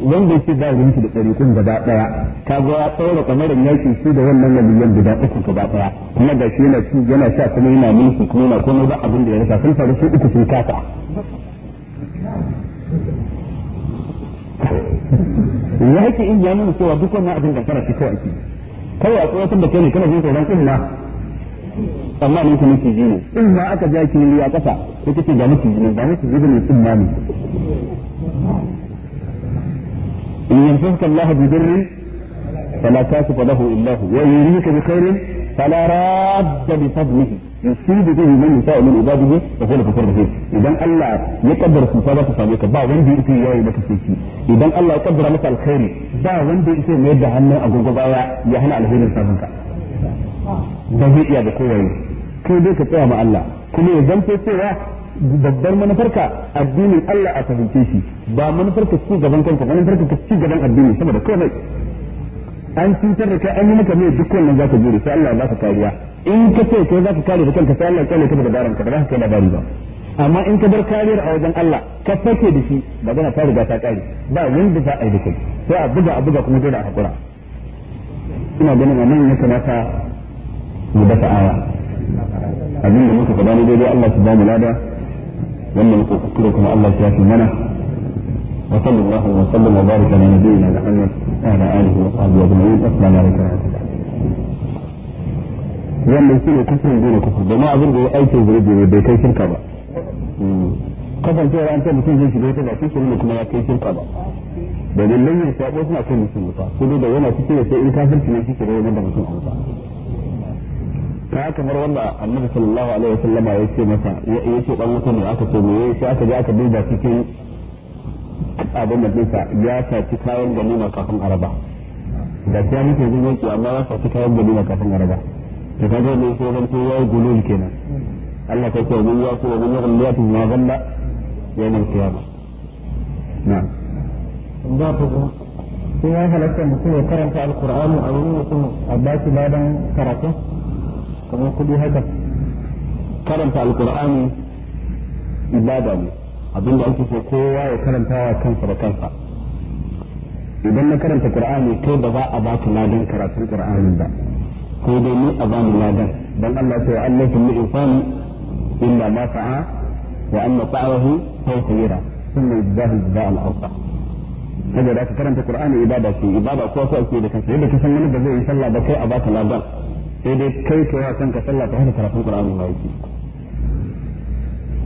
wanda yake ba ruwanki da ɗariƙun gaba ɗaya ka ga ya ɗaura kamarin yakin shi da wannan waliyan guda uku gaba ɗaya kuma ga shi yana ci yana sha kuma yana mulki kuma yana komai ba abin da ya rasa sun faru su uku sun ya yake in ya nuna cewa duk wannan abin gafara shi kawai ake kawai a tsoratar da kai ne kana jin tsoron na. amma ne ki ji jini in ma aka ja ki ne ya kasa ko kike ga miki jini ba miki ji ne ma ne إن يمسسك الله بضر فلا كاشف له إلا هو وإن بخير فلا راد بفضله يصيب به من يشاء من عباده وهو الغفور الرحيم الله يقدر idan Allah ya kaddara maka alkhairi ba wanda yake da hannun agogo baya ya hana alkhairin samun ka da kowaye kai dai ka tsaya ma Allah kuma ya cewa babbar manufarka addinin Allah a fahimce shi ba manufarka ci gaban kanka manufarka ka ci gaban addini saboda komai an cutar da kai an yi maka mai duk wannan zaka jure sai Allah ya baka kariya in ka ce kai zaka kare da kanka sai Allah ya kare ka da dabaran ka ba za ka kai labari ba amma in ka bar kariyar a wajen Allah ka fake da shi magana ta riga ta kare ba wanda za a yi da kai sai a buga a buga kuma dole a hakura ina ganin wannan ya kamata mu dafa aya abin da muka faɗa ne daidai Allah su ba mu lada wannan muka kuskure kuma Allah ya fi mana wa sallallahu wa sallam wa baraka ala nabiyyina Muhammad wa ala alihi wa sahbihi ajma'in assalamu alaikum wannan shine kusurin gona kusur domin abin da ya aikin zurbi bai kai shirka ba hmm. kasancewar an ce mutum zai shiga wata ba shi shirin kuma ya kai shirka ba domin nan yin sabo suna kai mutum wuta su da yana cikin da sai in kafirci ne shi shiga wani da mutum a wuta ta kamar wanda annabi sallallahu alaihi wasallama ya ce masa ya ce dan wuta ne aka ce me sai aka je aka duba cikin abin da dinsa ya saci kayan ganima kafin araba da ta muke zai yanki amma ya saci kayan ganima kafin araba da kaga ne sai zan to yayi gulul kenan Allah ta ce mun ya ko mun ya galliyatu ma ya yayin kiyama na'am da ku sai ya halatta mutum ya karanta alqur'ani a wurin mutum a ba ladan karatu kamar kudi haka karanta alkur'ani ibada ne abinda ake so kowa ya karanta wa kansa da kansa idan na karanta qur'ani kai ba za a baka ladan karatun qur'ani ba ko dai ni a bani ladan dan Allah ya Allah kullu insani illa ma sa'a wa anna sa'ahu sawfa yara thumma yajzahu jazaa al-awsa saboda ka karanta qur'ani ibada ce ibada ko ko ake da kansa yadda ka san wani ba zai yi sallah ba kai a baka ladan sai dai kai to ya kanka sallah ta hana karatun Qur'ani ma yake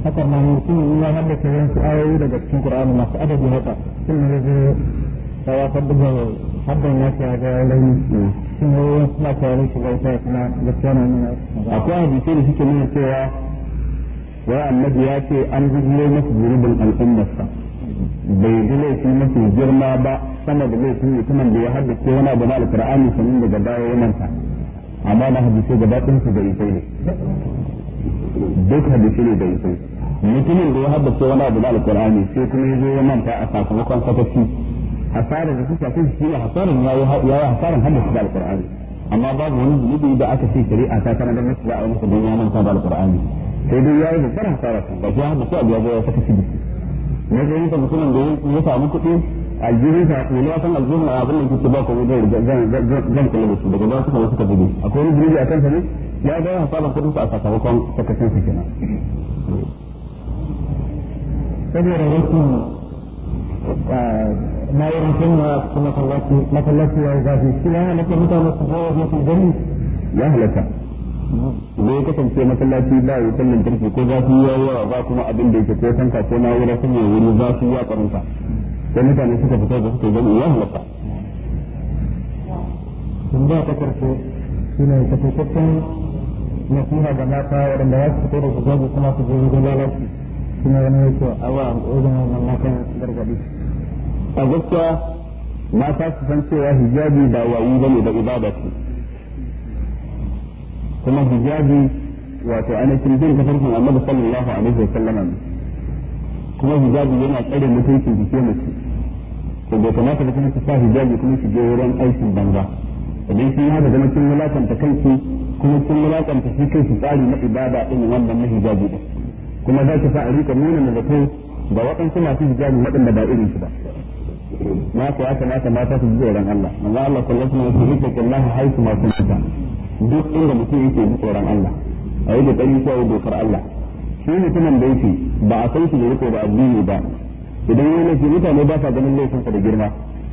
haka ma mutum ya hada ta su ayoyi daga cikin Qur'ani masu adadi haka kuma ne zai sai ya fadda haddan ya ta ga launi shin ne suna tare shi ga sai kuma gaskiya ne akwai hadisi da suke nuna cewa wa annabi ya ce an zuwa masa zurubin al'ummarsa bai ji laifi mafi girma ba sama da laifin mutumin da ya haddace wani abu na alkur'ani sanin daga baya ya sa amma na hadisai gaba ɗin su da isai ne duk hadisi ne da isai mutumin da ya haddace wani abu da alkur'ani sai kuma ya zo ya manta a sakamakon sakaci hasarar da suka kai shi ne hasarar ya yi hasarar haddace da alkur'ani amma babu wani zunubi da aka ce shari'a ta tana da nasu da a wani don ya manta da alkur'ani sai dai ya yi da tsara hasarar ba shi haddace abu ya zo ya sakaci da shi ne zai yi mutumin da ya samu kuɗi aljihun sa ne na san aljihun a abin da kike ba ku zai zan kula da su daga ba suka suka buge akwai wani biriji a kan kansa ne ya ga yawan sabon kudin su a sakamakon sakacin su kenan saboda rashin ah, na yi rufin su kuma masallaci ya zafi shi ya halatta mutane su hawa mafi gani ya halatta da ya kasance masallaci ba ya wutar lantarki ko zafi ya yawa ba kuma abin da yake ko tanka ko na'ura sun yi wuri zafi ya karanta sai mutane suka fito da suka gani ya halatta sun ba ta karfe shi ne ta fitattun nasiha ga mata waɗanda za su fito da su zaɓi kuma su je wajen lalaci shi ne wani yake awa wajen wannan matan gargaɗi a gaskiya mata su san cewa hijabi ba wayi ba ne da ibada ce kuma hijabi wato ainihin bin tafarkin annabi sallallahu alaihi wa sallama kuma hijabi yana tsare mutuncin jikin mace to bai kamata da kuma su sa hijabi kuma su je wurin aikin banza idan kin haka zama kin wulakanta kanki kuma kin wulakanta shi kai kanki tsari na ibada din wannan na hijabi din kuma za ki sa a rika nuna na zato ga waɗansu masu hijabi waɗanda ba irin su ba ma ku ya kamata mata su ji tsoron Allah manzo Allah sallallahu alaihi wasallam yake kallahu haitu ma kunta duk inda mutum yake ji ran Allah a ayi da ɗari ko dokar Allah shi mutumin da yake ba a san shi da yake ba addini ba idan yana shi mutane ba sa ganin sa da girma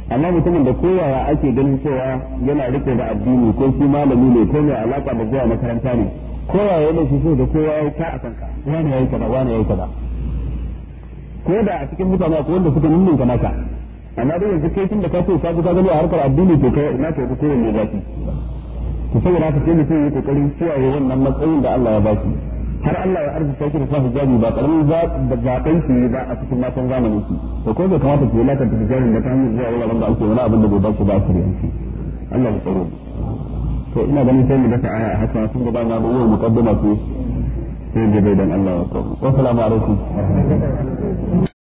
amma mutumin da koyawa ake ganin cewa yana rike da addini ko shi malami ne ko mai alaka da zuwa makaranta ne koyawa yana shi so da kowa ya ka a kanka wani yayi kaza wani yayi kaza ko da a cikin mutane akwai wanda suka nuna ka maka amma dai yanzu kai tun da ka so ka ga gani a harkar addini to kai na ka ko ne zafi to saboda haka sai mutum ya kokari kiyaye wannan matsayin da Allah ya ba shi har Allah ya arzuta ki da sahu hijabi ba karamin da zaben ki ba a cikin matan zamanin ki to ko bai kamata ki lalata ta hijabin da kan yi zuwa wuraren da ake wani abin da bai dace ba a shari'anci Allah ya tsaro to ina ganin sai mu daka aya haka sun gaba na ba wai mukaddama ce sai da bai dan Allah ya tsaro assalamu alaikum